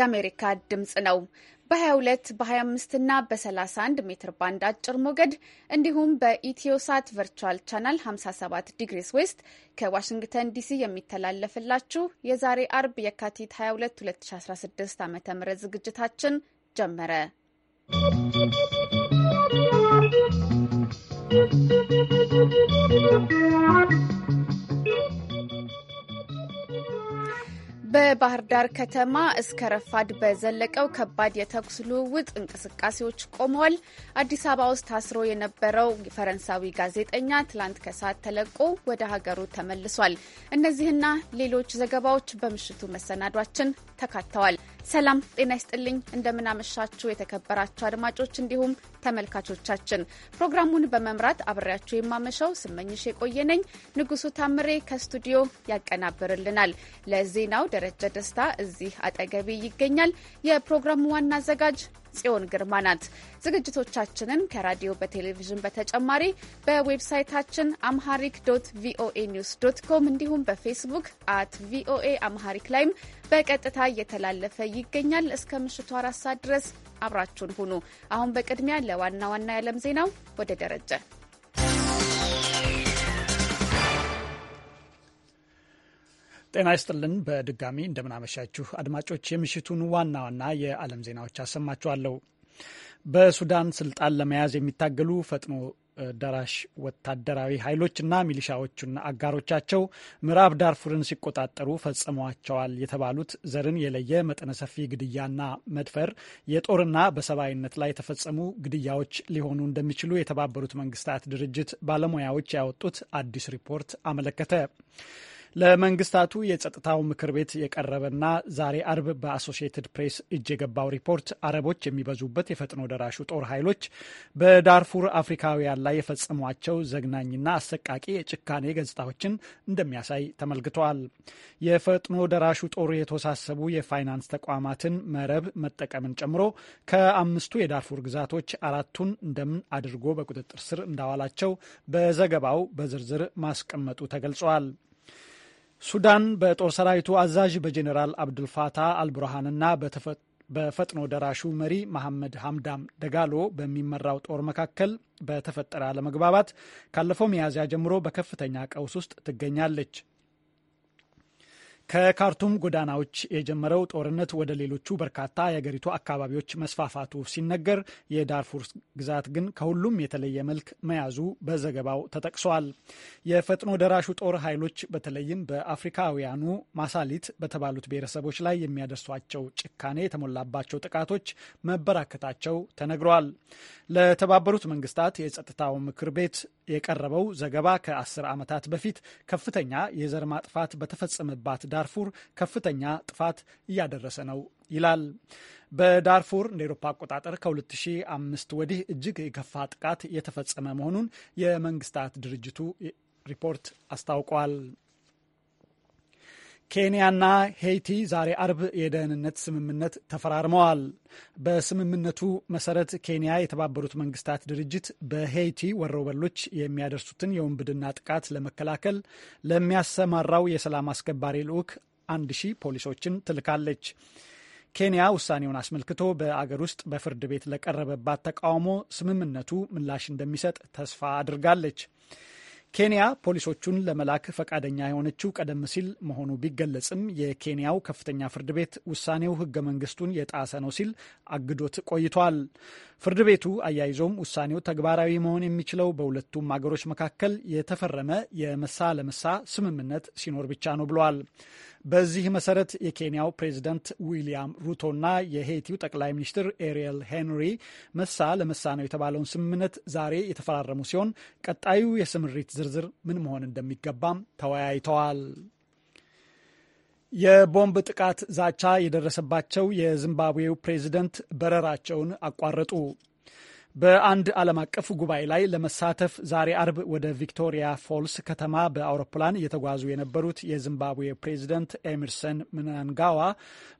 የአሜሪካ ድምፅ ነው። በ22 በ25 እና በ31 ሜትር ባንድ አጭር ሞገድ እንዲሁም በኢትዮሳት ቨርቹዋል ቻናል 57 ዲግሪስ ዌስት ከዋሽንግተን ዲሲ የሚተላለፍላችሁ የዛሬ አርብ የካቲት 22 2016 ዓ ም ዝግጅታችን ጀመረ። ¶¶ በባህር ዳር ከተማ እስከ ረፋድ በዘለቀው ከባድ የተኩስ ልውውጥ እንቅስቃሴዎች ቆመዋል። አዲስ አበባ ውስጥ ታስሮ የነበረው ፈረንሳዊ ጋዜጠኛ ትላንት ከሰዓት ተለቆ ወደ ሀገሩ ተመልሷል። እነዚህና ሌሎች ዘገባዎች በምሽቱ መሰናዷችን ተካተዋል። ሰላም ጤና ይስጥልኝ። እንደምናመሻችሁ የተከበራችሁ አድማጮች እንዲሁም ተመልካቾቻችን ፕሮግራሙን በመምራት አብሬያችሁ የማመሻው ስመኝሽ የቆየ ነኝ። ንጉሱ ታምሬ ከስቱዲዮ ያቀናብርልናል። ለዜናው ደረጀ ደስታ እዚህ አጠገቤ ይገኛል። የፕሮግራሙ ዋና አዘጋጅ ጽዮን ግርማ ናት። ዝግጅቶቻችንን ከራዲዮ በቴሌቪዥን በተጨማሪ በዌብሳይታችን አምሃሪክ ዶት ቪኦኤ ኒውስ ዶት ኮም እንዲሁም በፌስቡክ አት ቪኦኤ አምሃሪክ ላይም በቀጥታ እየተላለፈ ይገኛል። እስከ ምሽቱ አራት ሰዓት ድረስ አብራችሁን ሁኑ። አሁን በቅድሚያ ለዋና ዋና የዓለም ዜናው ወደ ደረጀ ጤና ይስጥልን በድጋሚ እንደምናመሻችሁ አድማጮች፣ የምሽቱን ዋና ዋና የዓለም ዜናዎች አሰማችኋለሁ። በሱዳን ስልጣን ለመያዝ የሚታገሉ ፈጥኖ ደራሽ ወታደራዊ ኃይሎችና ሚሊሻዎቹና አጋሮቻቸው ምዕራብ ዳርፉርን ሲቆጣጠሩ ፈጽሟቸዋል የተባሉት ዘርን የለየ መጠነ ሰፊ ግድያና መድፈር የጦርና በሰብአዊነት ላይ የተፈጸሙ ግድያዎች ሊሆኑ እንደሚችሉ የተባበሩት መንግስታት ድርጅት ባለሙያዎች ያወጡት አዲስ ሪፖርት አመለከተ። ለመንግስታቱ የጸጥታው ምክር ቤት የቀረበና ዛሬ አርብ በአሶሺየትድ ፕሬስ እጅ የገባው ሪፖርት አረቦች የሚበዙበት የፈጥኖ ደራሹ ጦር ኃይሎች በዳርፉር አፍሪካውያን ላይ የፈጸሟቸው ዘግናኝና አሰቃቂ የጭካኔ ገጽታዎችን እንደሚያሳይ ተመልክተዋል። የፈጥኖ ደራሹ ጦር የተወሳሰቡ የፋይናንስ ተቋማትን መረብ መጠቀምን ጨምሮ ከአምስቱ የዳርፉር ግዛቶች አራቱን እንደምን አድርጎ በቁጥጥር ስር እንዳዋላቸው በዘገባው በዝርዝር ማስቀመጡ ተገልጿል። ሱዳን በጦር ሰራዊቱ አዛዥ በጀኔራል አብዱልፋታህ አልቡርሃንና በፈጥኖ ደራሹ መሪ መሐመድ ሀምዳም ደጋሎ በሚመራው ጦር መካከል በተፈጠረ አለመግባባት ካለፈው ሚያዝያ ጀምሮ በከፍተኛ ቀውስ ውስጥ ትገኛለች። ከካርቱም ጎዳናዎች የጀመረው ጦርነት ወደ ሌሎቹ በርካታ የአገሪቱ አካባቢዎች መስፋፋቱ ሲነገር የዳርፉር ግዛት ግን ከሁሉም የተለየ መልክ መያዙ በዘገባው ተጠቅሷል። የፈጥኖ ደራሹ ጦር ኃይሎች በተለይም በአፍሪካውያኑ ማሳሊት በተባሉት ብሔረሰቦች ላይ የሚያደርሷቸው ጭካኔ የተሞላባቸው ጥቃቶች መበራከታቸው ተነግሯል። ለተባበሩት መንግስታት የጸጥታው ምክር ቤት የቀረበው ዘገባ ከአስር ዓመታት በፊት ከፍተኛ የዘር ማጥፋት በተፈጸመባት ዳርፉር ከፍተኛ ጥፋት እያደረሰ ነው ይላል። በዳርፉር እንደ ኤሮፓ አቆጣጠር ከ2005 ወዲህ እጅግ የከፋ ጥቃት የተፈጸመ መሆኑን የመንግስታት ድርጅቱ ሪፖርት አስታውቋል። ኬንያና ሄይቲ ዛሬ አርብ የደህንነት ስምምነት ተፈራርመዋል። በስምምነቱ መሰረት ኬንያ የተባበሩት መንግስታት ድርጅት በሄይቲ ወሮበሎች የሚያደርሱትን የወንብድና ጥቃት ለመከላከል ለሚያሰማራው የሰላም አስከባሪ ልዑክ አንድ ሺህ ፖሊሶችን ትልካለች። ኬንያ ውሳኔውን አስመልክቶ በአገር ውስጥ በፍርድ ቤት ለቀረበባት ተቃውሞ ስምምነቱ ምላሽ እንደሚሰጥ ተስፋ አድርጋለች። ኬንያ ፖሊሶቹን ለመላክ ፈቃደኛ የሆነችው ቀደም ሲል መሆኑ ቢገለጽም የኬንያው ከፍተኛ ፍርድ ቤት ውሳኔው ህገ መንግስቱን የጣሰ ነው ሲል አግዶት ቆይቷል። ፍርድ ቤቱ አያይዞም ውሳኔው ተግባራዊ መሆን የሚችለው በሁለቱም አገሮች መካከል የተፈረመ የመሳ ለመሳ ስምምነት ሲኖር ብቻ ነው ብለዋል። በዚህ መሰረት የኬንያው ፕሬዚደንት ዊሊያም ሩቶና የሄይቲው ጠቅላይ ሚኒስትር ኤሪየል ሄንሪ መሳ ለመሳ ነው የተባለውን ስምምነት ዛሬ የተፈራረሙ ሲሆን ቀጣዩ የስምሪት ዝርዝር ምን መሆን እንደሚገባም ተወያይተዋል። የቦምብ ጥቃት ዛቻ የደረሰባቸው የዚምባብዌው ፕሬዚደንት በረራቸውን አቋረጡ። በአንድ ዓለም አቀፍ ጉባኤ ላይ ለመሳተፍ ዛሬ አርብ ወደ ቪክቶሪያ ፎልስ ከተማ በአውሮፕላን እየተጓዙ የነበሩት የዚምባብዌ ፕሬዚደንት ኤሚርሰን ምናንጋዋ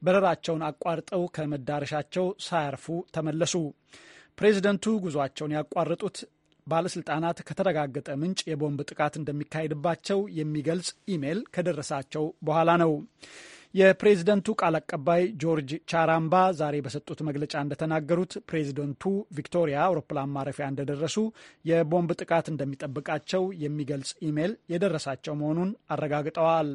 በረራቸውን አቋርጠው ከመዳረሻቸው ሳያርፉ ተመለሱ። ፕሬዚደንቱ ጉዟቸውን ያቋረጡት ባለስልጣናት ከተረጋገጠ ምንጭ የቦምብ ጥቃት እንደሚካሄድባቸው የሚገልጽ ኢሜይል ከደረሳቸው በኋላ ነው። የፕሬዝደንቱ ቃል አቀባይ ጆርጅ ቻራምባ ዛሬ በሰጡት መግለጫ እንደተናገሩት ፕሬዝደንቱ ቪክቶሪያ አውሮፕላን ማረፊያ እንደደረሱ የቦምብ ጥቃት እንደሚጠብቃቸው የሚገልጽ ኢሜይል የደረሳቸው መሆኑን አረጋግጠዋል።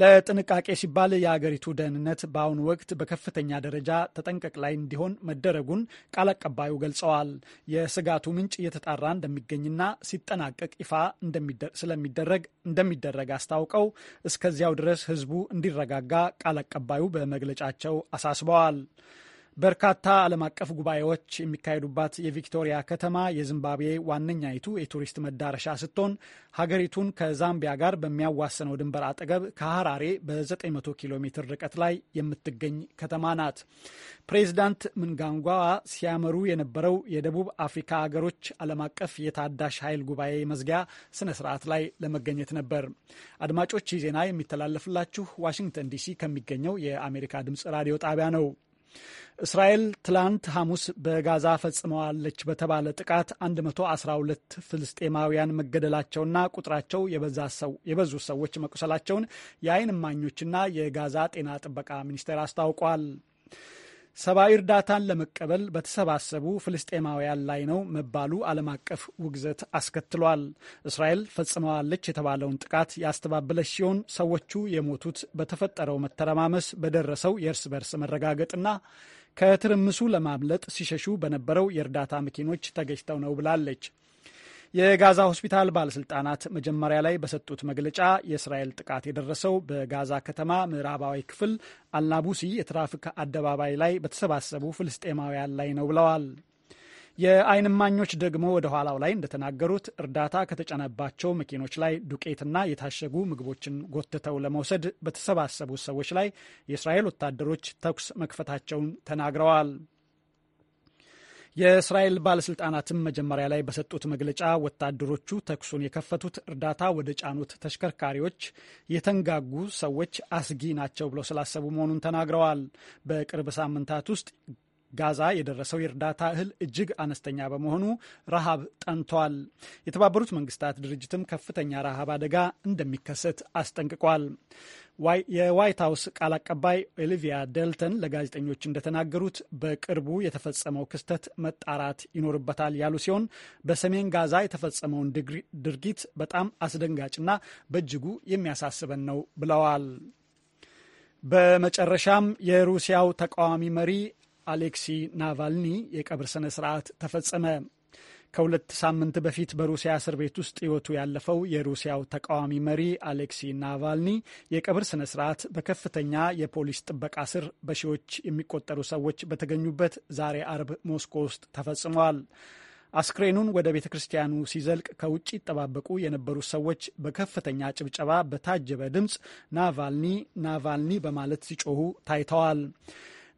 ለጥንቃቄ ሲባል የአገሪቱ ደህንነት በአሁኑ ወቅት በከፍተኛ ደረጃ ተጠንቀቅ ላይ እንዲሆን መደረጉን ቃል አቀባዩ ገልጸዋል። የስጋቱ ምንጭ እየተጣራ እንደሚገኝና ሲጠናቀቅ ይፋ ስለሚደረግ እንደሚደረግ አስታውቀው እስከዚያው ድረስ ህዝቡ እንዲረጋጋ ቃል አቀባዩ በመግለጫቸው አሳስበዋል። በርካታ ዓለም አቀፍ ጉባኤዎች የሚካሄዱባት የቪክቶሪያ ከተማ የዚምባብዌ ዋነኛይቱ የቱሪስት መዳረሻ ስትሆን ሀገሪቱን ከዛምቢያ ጋር በሚያዋስነው ድንበር አጠገብ ከሀራሬ በ900 ኪሎ ሜትር ርቀት ላይ የምትገኝ ከተማ ናት። ፕሬዚዳንት ምንጋንጓዋ ሲያመሩ የነበረው የደቡብ አፍሪካ ሀገሮች ዓለም አቀፍ የታዳሽ ኃይል ጉባኤ መዝጊያ ስነ ስርዓት ላይ ለመገኘት ነበር። አድማጮች ይህ ዜና የሚተላለፍላችሁ ዋሽንግተን ዲሲ ከሚገኘው የአሜሪካ ድምጽ ራዲዮ ጣቢያ ነው። እስራኤል ትላንት ሐሙስ በጋዛ ፈጽመዋለች በተባለ ጥቃት 112 ፍልስጤማውያን መገደላቸውና ቁጥራቸው የበዙ ሰዎች መቁሰላቸውን የአይን እማኞችና የጋዛ ጤና ጥበቃ ሚኒስቴር አስታውቋል። ሰብአዊ እርዳታን ለመቀበል በተሰባሰቡ ፍልስጤማውያን ላይ ነው መባሉ ዓለም አቀፍ ውግዘት አስከትሏል። እስራኤል ፈጽመዋለች የተባለውን ጥቃት ያስተባበለች ሲሆን ሰዎቹ የሞቱት በተፈጠረው መተረማመስ በደረሰው የእርስ በርስ መረጋገጥና ከትርምሱ ለማምለጥ ሲሸሹ በነበረው የእርዳታ መኪኖች ተገጭተው ነው ብላለች። የጋዛ ሆስፒታል ባለስልጣናት መጀመሪያ ላይ በሰጡት መግለጫ የእስራኤል ጥቃት የደረሰው በጋዛ ከተማ ምዕራባዊ ክፍል አልናቡሲ የትራፊክ አደባባይ ላይ በተሰባሰቡ ፍልስጤማውያን ላይ ነው ብለዋል። የአይን እማኞች ደግሞ ወደ ኋላው ላይ እንደተናገሩት እርዳታ ከተጫነባቸው መኪኖች ላይ ዱቄትና የታሸጉ ምግቦችን ጎትተው ለመውሰድ በተሰባሰቡ ሰዎች ላይ የእስራኤል ወታደሮች ተኩስ መክፈታቸውን ተናግረዋል። የእስራኤል ባለስልጣናትም መጀመሪያ ላይ በሰጡት መግለጫ ወታደሮቹ ተኩሱን የከፈቱት እርዳታ ወደ ጫኑት ተሽከርካሪዎች የተንጋጉ ሰዎች አስጊ ናቸው ብለው ስላሰቡ መሆኑን ተናግረዋል። በቅርብ ሳምንታት ውስጥ ጋዛ የደረሰው የእርዳታ እህል እጅግ አነስተኛ በመሆኑ ረሃብ ጠንቷል። የተባበሩት መንግስታት ድርጅትም ከፍተኛ ረሃብ አደጋ እንደሚከሰት አስጠንቅቋል። የዋይት ሀውስ ቃል አቀባይ ኦሊቪያ ደልተን ለጋዜጠኞች እንደተናገሩት በቅርቡ የተፈጸመው ክስተት መጣራት ይኖርበታል ያሉ ሲሆን በሰሜን ጋዛ የተፈጸመውን ድርጊት በጣም አስደንጋጭና በእጅጉ የሚያሳስበን ነው ብለዋል። በመጨረሻም የሩሲያው ተቃዋሚ መሪ አሌክሲ ናቫልኒ የቀብር ስነ ስርዓት ተፈጸመ። ከሁለት ሳምንት በፊት በሩሲያ እስር ቤት ውስጥ ሕይወቱ ያለፈው የሩሲያው ተቃዋሚ መሪ አሌክሲ ናቫልኒ የቀብር ስነ ስርዓት በከፍተኛ የፖሊስ ጥበቃ ስር በሺዎች የሚቆጠሩ ሰዎች በተገኙበት ዛሬ አርብ ሞስኮ ውስጥ ተፈጽሟል። አስክሬኑን ወደ ቤተ ክርስቲያኑ ሲዘልቅ ከውጭ ይጠባበቁ የነበሩ ሰዎች በከፍተኛ ጭብጨባ በታጀበ ድምፅ ናቫልኒ ናቫልኒ በማለት ሲጮሁ ታይተዋል።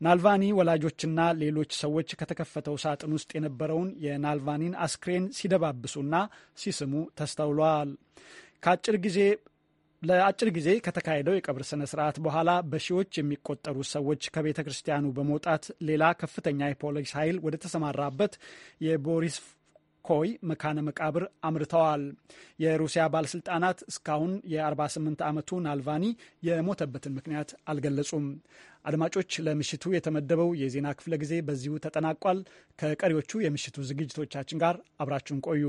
ናልቫኒ ወላጆችና ሌሎች ሰዎች ከተከፈተው ሳጥን ውስጥ የነበረውን የናልቫኒን አስክሬን ሲደባብሱና ሲስሙ ተስተውሏል። ከአጭር ጊዜ ለአጭር ጊዜ ከተካሄደው የቀብር ስነ ስርዓት በኋላ በሺዎች የሚቆጠሩ ሰዎች ከቤተ ክርስቲያኑ በመውጣት ሌላ ከፍተኛ የፖሊስ ኃይል ወደ ተሰማራበት የቦሪስ ኮይ መካነ መቃብር አምርተዋል። የሩሲያ ባለስልጣናት እስካሁን የ48 ዓመቱ ናልቫኒ የሞተበትን ምክንያት አልገለጹም። አድማጮች፣ ለምሽቱ የተመደበው የዜና ክፍለ ጊዜ በዚሁ ተጠናቋል። ከቀሪዎቹ የምሽቱ ዝግጅቶቻችን ጋር አብራችሁን ቆዩ።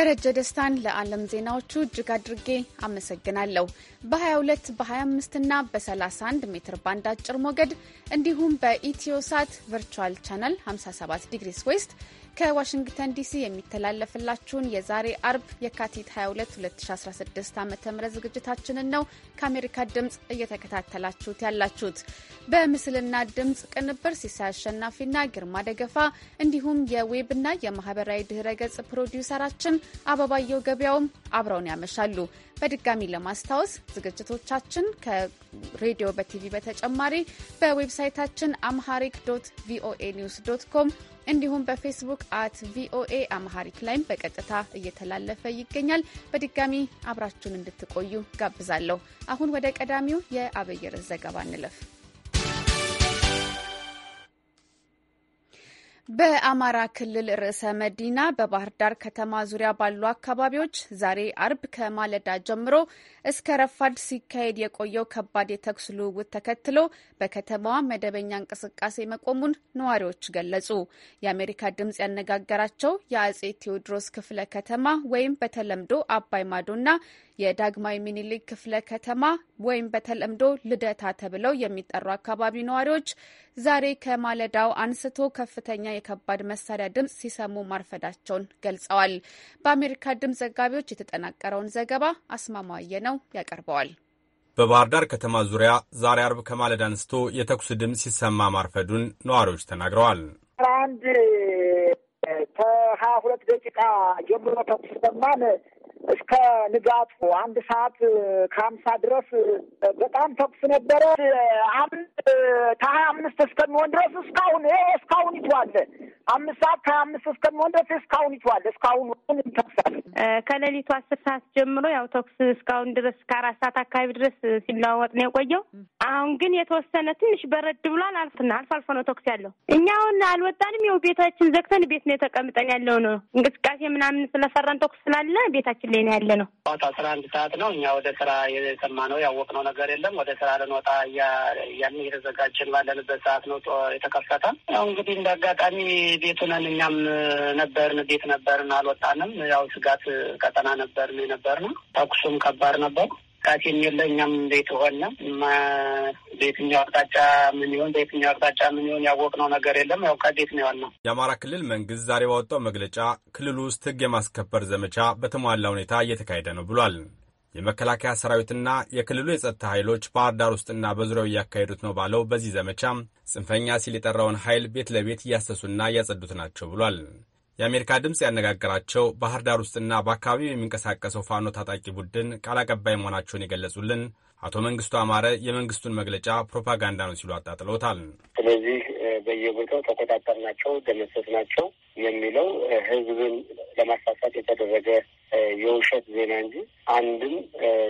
ደረጀ ደስታን ለዓለም ዜናዎቹ እጅግ አድርጌ አመሰግናለሁ። በ22 በ25 እና በ31 ሜትር ባንድ አጭር ሞገድ እንዲሁም በኢትዮሳት ቨርቹዋል ቻናል 57 ዲግሪስ ዌስት ከዋሽንግተን ዲሲ የሚተላለፍላችሁን የዛሬ አርብ የካቲት 22 2016 ዓ ም ዝግጅታችንን ነው ከአሜሪካ ድምፅ እየተከታተላችሁት ያላችሁት። በምስልና ድምፅ ቅንብር ሲሳይ አሸናፊና ግርማ ደገፋ እንዲሁም የዌብና የማህበራዊ ድህረ ገጽ ፕሮዲውሰራችን አበባየው ገበያውም አብረውን ያመሻሉ። በድጋሚ ለማስታወስ ዝግጅቶቻችን ከሬዲዮ በቲቪ በተጨማሪ በዌብሳይታችን አምሃሪክ ዶት ቪኦኤ ኒውስ ዶት ኮም እንዲሁም በፌስቡክ አት ቪኦኤ አምሃሪክ ላይም በቀጥታ እየተላለፈ ይገኛል። በድጋሚ አብራችሁን እንድትቆዩ ጋብዛለሁ። አሁን ወደ ቀዳሚው የአበየር ዘገባ እንለፍ። በአማራ ክልል ርዕሰ መዲና በባህር ዳር ከተማ ዙሪያ ባሉ አካባቢዎች ዛሬ አርብ ከማለዳ ጀምሮ እስከ ረፋድ ሲካሄድ የቆየው ከባድ የተኩስ ልውውጥ ተከትሎ በከተማዋ መደበኛ እንቅስቃሴ መቆሙን ነዋሪዎች ገለጹ። የአሜሪካ ድምጽ ያነጋገራቸው የአጼ ቴዎድሮስ ክፍለ ከተማ ወይም በተለምዶ አባይ ማዶና የዳግማዊ ሚኒሊክ ክፍለ ከተማ ወይም በተለምዶ ልደታ ተብለው የሚጠሩ አካባቢ ነዋሪዎች ዛሬ ከማለዳው አንስቶ ከፍተኛ የከባድ መሳሪያ ድምፅ ሲሰሙ ማርፈዳቸውን ገልጸዋል። በአሜሪካ ድምፅ ዘጋቢዎች የተጠናቀረውን ዘገባ አስማማየ ነው ያቀርበዋል። በባህር ዳር ከተማ ዙሪያ ዛሬ አርብ ከማለዳ አንስቶ የተኩስ ድምፅ ሲሰማ ማርፈዱን ነዋሪዎች ተናግረዋል። አንድ ከሀያ ሁለት ደቂቃ ጀምሮ ተኩስ ሰማን። እስከ ንጋቱ አንድ ሰዓት ከሀምሳ ድረስ በጣም ተኩስ ነበረ። አንድ ከሀያ አምስት እስከሚሆን ድረስ እስካሁን እስካሁን ይቷለ አምስት ሰዓት ከሀያ አምስት እስከሚሆን ድረስ እስካሁን ይተዋል። እስካሁን ይተኩሳል። ከሌሊቱ አስር ሰዓት ጀምሮ ያው ተኩስ እስካሁን ድረስ ከአራት ሰዓት አካባቢ ድረስ ሲለዋወጥ ነው የቆየው። አሁን ግን የተወሰነ ትንሽ በረድ ብሏል። አልፍና አልፎ አልፎ ነው ተኩስ ያለው። እኛ አሁን አልወጣንም። ያው ቤታችን ዘግተን ቤት ነው የተቀምጠን ያለው ነው። እንቅስቃሴ ምናምን ስለፈራን ተኩስ ስላለ ቤታችን ላይ ነው ያለ ነው። አስራ አንድ ሰዓት ነው። እኛ ወደ ስራ የሰማ የሰማነው ያወቅነው ነገር የለም። ወደ ስራ ልንወጣ ያን እየተዘጋጀን ባለንበት ሰዓት ነው የተከፈተ። ያው እንግዲህ እንደ አጋጣሚ ቤቱንን እኛም ነበርን ቤት ነበርን አልወጣንም። ያው ስጋት ቀጠና ነበርን ነው። ተኩሱም ከባድ ነበር። ቃቴም የሚለ እኛም ቤት ሆነ ቤትኛው አቅጣጫ ምን ይሆን ቤትኛው አቅጣጫ ምን ይሆን ያወቅነው ነገር የለም። ያው ከቤት ነው ያልነው። የአማራ ክልል መንግስት ዛሬ ባወጣው መግለጫ ክልሉ ውስጥ ህግ የማስከበር ዘመቻ በተሟላ ሁኔታ እየተካሄደ ነው ብሏል። የመከላከያ ሰራዊትና የክልሉ የጸጥታ ኃይሎች ባህር ዳር ውስጥና በዙሪያው እያካሄዱት ነው ባለው በዚህ ዘመቻ ጽንፈኛ ሲል የጠራውን ኃይል ቤት ለቤት እያሰሱና እያጸዱት ናቸው ብሏል። የአሜሪካ ድምፅ ያነጋገራቸው ባህር ዳር ውስጥና በአካባቢው የሚንቀሳቀሰው ፋኖ ታጣቂ ቡድን ቃል አቀባይ መሆናቸውን የገለጹልን አቶ መንግስቱ አማረ የመንግስቱን መግለጫ ፕሮፓጋንዳ ነው ሲሉ አጣጥለውታል። ስለዚህ በየቦታው ተቆጣጠርናቸው፣ ናቸው የሚለው ህዝብን ለማሳሳት የተደረገ የውሸት ዜና እንጂ አንድም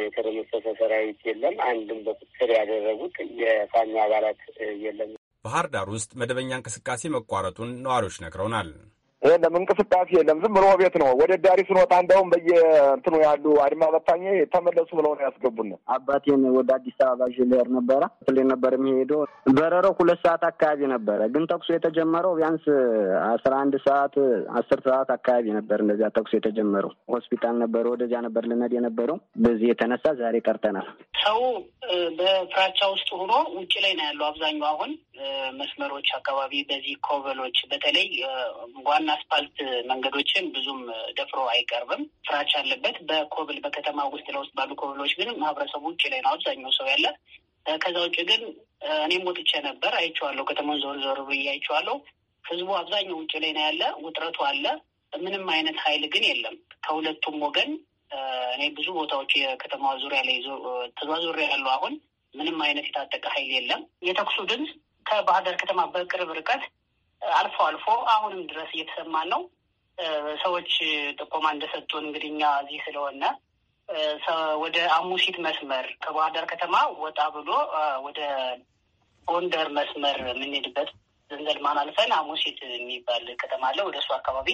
የተደመሰሰ ሰራዊት የለም፣ አንድም በቁጥጥር ያደረጉት የፋኖ አባላት የለም። ባህር ዳር ውስጥ መደበኛ እንቅስቃሴ መቋረጡን ነዋሪዎች ነግረውናል። የለም እንቅስቃሴ የለም። ዝም ብሎ ቤት ነው። ወደ ዳሪ ስንወጣ እንደውም በየእንትኑ ያሉ አድማ በታኝ ተመለሱ ብለው ነው ያስገቡን። አባቴን ወደ አዲስ አበባ ዥሌር ነበረ ክሌ ነበር የሚሄደው። በረረው ሁለት ሰዓት አካባቢ ነበረ፣ ግን ተኩሱ የተጀመረው ቢያንስ አስራ አንድ ሰዓት አስር ሰዓት አካባቢ ነበር። እንደዚያ ተኩሱ የተጀመረው ሆስፒታል ነበረ፣ ወደዚያ ነበር ልነድ የነበረው። በዚህ የተነሳ ዛሬ ቀርተናል። ሰው በፍራቻ ውስጥ ሆኖ ውጭ ላይ ነው ያለው አብዛኛው። አሁን መስመሮች አካባቢ በዚህ ኮበሎች በተለይ ዋና አስፋልት መንገዶችን ብዙም ደፍሮ አይቀርብም። ፍራች አለበት። በኮብል በከተማ ውስጥ ለውስጥ ባሉ ኮብሎች ግን ማህበረሰቡ ውጭ ላይ ነው አብዛኛው ሰው ያለ። ከዛ ውጭ ግን እኔም ወጥቼ ነበር፣ አይቼዋለሁ። ከተማውን ዞር ዞር ብዬ አይቼዋለሁ። ህዝቡ አብዛኛው ውጭ ላይ ነው ያለ። ውጥረቱ አለ። ምንም አይነት ኃይል ግን የለም ከሁለቱም ወገን። እኔ ብዙ ቦታዎች የከተማዋ ዙሪያ ላይ ተዟዙሬ ያሉ አሁን ምንም አይነት የታጠቀ ኃይል የለም። የተኩሱ ድምፅ ከባህር ዳር ከተማ በቅርብ ርቀት አልፎ አልፎ አሁንም ድረስ እየተሰማን ነው። ሰዎች ጥቆማ እንደሰጡን እንግዲህ እኛ እዚህ ስለሆነ ወደ አሙሲት መስመር ከባህር ዳር ከተማ ወጣ ብሎ ወደ ጎንደር መስመር የምንሄድበት ዘንዘልማን አልፈን አሙሲት የሚባል ከተማ አለ። ወደ እሱ አካባቢ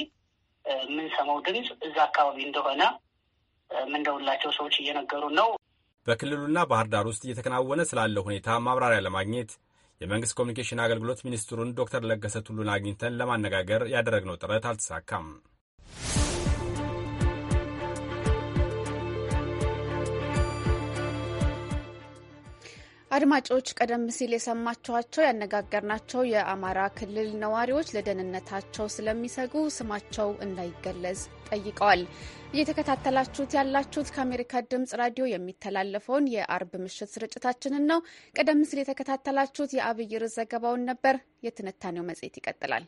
የምንሰማው ድምፅ እዛ አካባቢ እንደሆነ የምንደውላቸው ሰዎች እየነገሩ ነው። በክልሉና ባህር ዳር ውስጥ እየተከናወነ ስላለው ሁኔታ ማብራሪያ ለማግኘት የመንግስት ኮሚኒኬሽን አገልግሎት ሚኒስትሩን ዶክተር ለገሰ ቱሉን አግኝተን ለማነጋገር ያደረግነው ጥረት አልተሳካም። አድማጮች ቀደም ሲል የሰማችኋቸው ያነጋገርናቸው የአማራ ክልል ነዋሪዎች ለደህንነታቸው ስለሚሰጉ ስማቸው እንዳይገለጽ ጠይቀዋል። እየተከታተላችሁት ያላችሁት ከአሜሪካ ድምጽ ራዲዮ የሚተላለፈውን የአርብ ምሽት ስርጭታችንን ነው። ቀደም ሲል የተከታተላችሁት የአብይ ርዕስ ዘገባውን ነበር። የትንታኔው መጽሔት ይቀጥላል።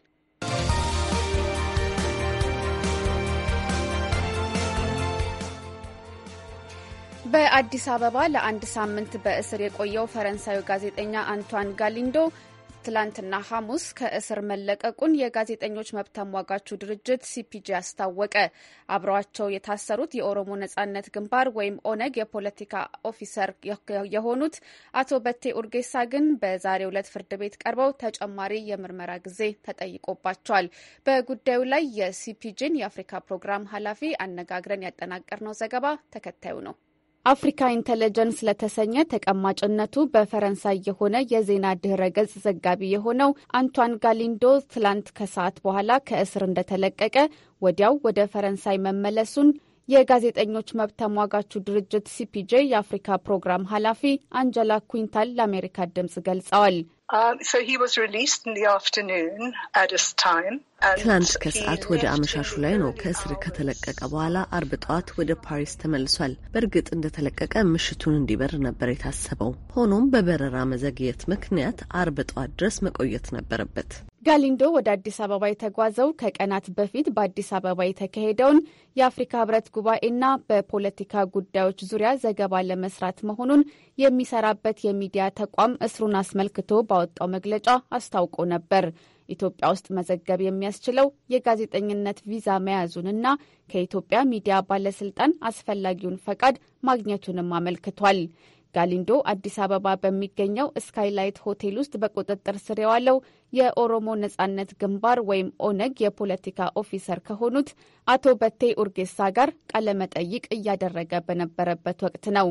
በአዲስ አበባ ለአንድ ሳምንት በእስር የቆየው ፈረንሳዊ ጋዜጠኛ አንቷን ጋሊንዶ ትላንትና ሐሙስ ከእስር መለቀቁን የጋዜጠኞች መብት ተሟጋቹ ድርጅት ሲፒጂ አስታወቀ። አብረዋቸው የታሰሩት የኦሮሞ ነጻነት ግንባር ወይም ኦነግ የፖለቲካ ኦፊሰር የሆኑት አቶ በቴ ኡርጌሳ ግን በዛሬው ዕለት ፍርድ ቤት ቀርበው ተጨማሪ የምርመራ ጊዜ ተጠይቆባቸዋል። በጉዳዩ ላይ የሲፒጂን የአፍሪካ ፕሮግራም ኃላፊ አነጋግረን ያጠናቀርነው ዘገባ ተከታዩ ነው። አፍሪካ ኢንተለጀንስ ለተሰኘ ተቀማጭነቱ በፈረንሳይ የሆነ የዜና ድህረ ገጽ ዘጋቢ የሆነው አንቷን ጋሊንዶ ትላንት ከሰዓት በኋላ ከእስር እንደተለቀቀ ወዲያው ወደ ፈረንሳይ መመለሱን የጋዜጠኞች መብት ተሟጋቹ ድርጅት ሲፒጄ የአፍሪካ ፕሮግራም ኃላፊ አንጀላ ኩንታል ለአሜሪካ ድምጽ ገልጸዋል። Um, ትናንት ከሰዓት ወደ አመሻሹ ላይ ነው ከእስር ከተለቀቀ በኋላ አርብ ጠዋት ወደ ፓሪስ ተመልሷል። በእርግጥ እንደተለቀቀ ምሽቱን እንዲበር ነበር የታሰበው። ሆኖም በበረራ መዘግየት ምክንያት አርብ ጠዋት ድረስ መቆየት ነበረበት። ጋሊንዶ ወደ አዲስ አበባ የተጓዘው ከቀናት በፊት በአዲስ አበባ የተካሄደውን የአፍሪካ ህብረት ጉባኤና በፖለቲካ ጉዳዮች ዙሪያ ዘገባ ለመስራት መሆኑን የሚሰራበት የሚዲያ ተቋም እስሩን አስመልክቶ ባወጣው መግለጫ አስታውቆ ነበር። ኢትዮጵያ ውስጥ መዘገብ የሚያስችለው የጋዜጠኝነት ቪዛ መያዙንና ከኢትዮጵያ ሚዲያ ባለስልጣን አስፈላጊውን ፈቃድ ማግኘቱንም አመልክቷል። ጋሊንዶ አዲስ አበባ በሚገኘው ስካይላይት ሆቴል ውስጥ በቁጥጥር ስር የዋለው የኦሮሞ ነጻነት ግንባር ወይም ኦነግ የፖለቲካ ኦፊሰር ከሆኑት አቶ በቴ ኡርጌሳ ጋር ቃለመጠይቅ እያደረገ በነበረበት ወቅት ነው።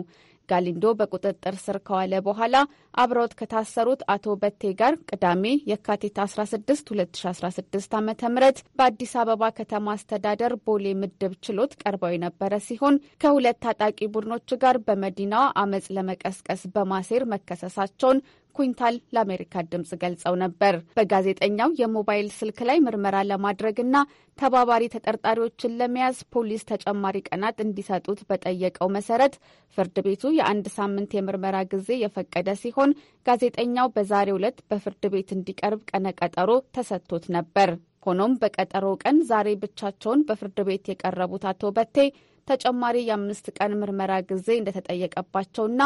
ጋሊንዶ በቁጥጥር ስር ከዋለ በኋላ አብረውት ከታሰሩት አቶ በቴ ጋር ቅዳሜ የካቲት 16 2016 ዓ ም በአዲስ አበባ ከተማ አስተዳደር ቦሌ ምድብ ችሎት ቀርበው የነበረ ሲሆን ከሁለት ታጣቂ ቡድኖች ጋር በመዲናዋ አመፅ ለመቀስቀስ በማሴር መከሰሳቸውን ኩንታል ለአሜሪካ ድምፅ ገልጸው ነበር። በጋዜጠኛው የሞባይል ስልክ ላይ ምርመራ ለማድረግና ተባባሪ ተጠርጣሪዎችን ለመያዝ ፖሊስ ተጨማሪ ቀናት እንዲሰጡት በጠየቀው መሰረት ፍርድ ቤቱ የአንድ ሳምንት የምርመራ ጊዜ የፈቀደ ሲሆን ጋዜጠኛው በዛሬው ዕለት በፍርድ ቤት እንዲቀርብ ቀነቀጠሮ ተሰጥቶት ነበር። ሆኖም በቀጠሮ ቀን ዛሬ ብቻቸውን በፍርድ ቤት የቀረቡት አቶ በቴ ተጨማሪ የአምስት ቀን ምርመራ ጊዜ እንደተጠየቀባቸውና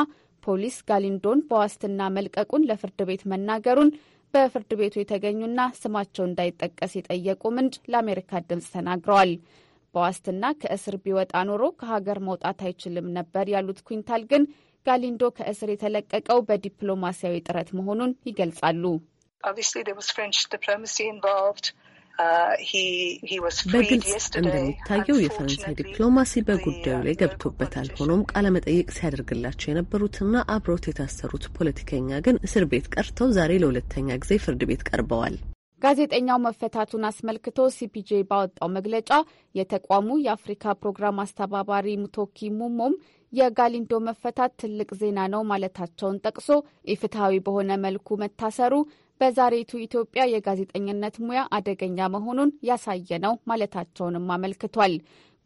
ፖሊስ ጋሊንዶን በዋስትና መልቀቁን ለፍርድ ቤት መናገሩን በፍርድ ቤቱ የተገኙና ስማቸው እንዳይጠቀስ የጠየቁ ምንጭ ለአሜሪካ ድምፅ ተናግረዋል። በዋስትና ከእስር ቢወጣ ኖሮ ከሀገር መውጣት አይችልም ነበር ያሉት ኩንታል ግን ጋሊንዶ ከእስር የተለቀቀው በዲፕሎማሲያዊ ጥረት መሆኑን ይገልጻሉ። Uh, በግልጽ እንደሚታየው የፈረንሳይ ዲፕሎማሲ በጉዳዩ ላይ ገብቶበታል። ሆኖም ቃለመጠይቅ ሲያደርግላቸው የነበሩትና አብረውት የታሰሩት ፖለቲከኛ ግን እስር ቤት ቀርተው ዛሬ ለሁለተኛ ጊዜ ፍርድ ቤት ቀርበዋል። ጋዜጠኛው መፈታቱን አስመልክቶ ሲፒጄ ባወጣው መግለጫ የተቋሙ የአፍሪካ ፕሮግራም አስተባባሪ ሙቶኪ ሙሞም የጋሊንዶ መፈታት ትልቅ ዜና ነው ማለታቸውን ጠቅሶ ኢፍትሐዊ በሆነ መልኩ መታሰሩ በዛሬቱ ኢትዮጵያ የጋዜጠኝነት ሙያ አደገኛ መሆኑን ያሳየ ነው ማለታቸውንም አመልክቷል።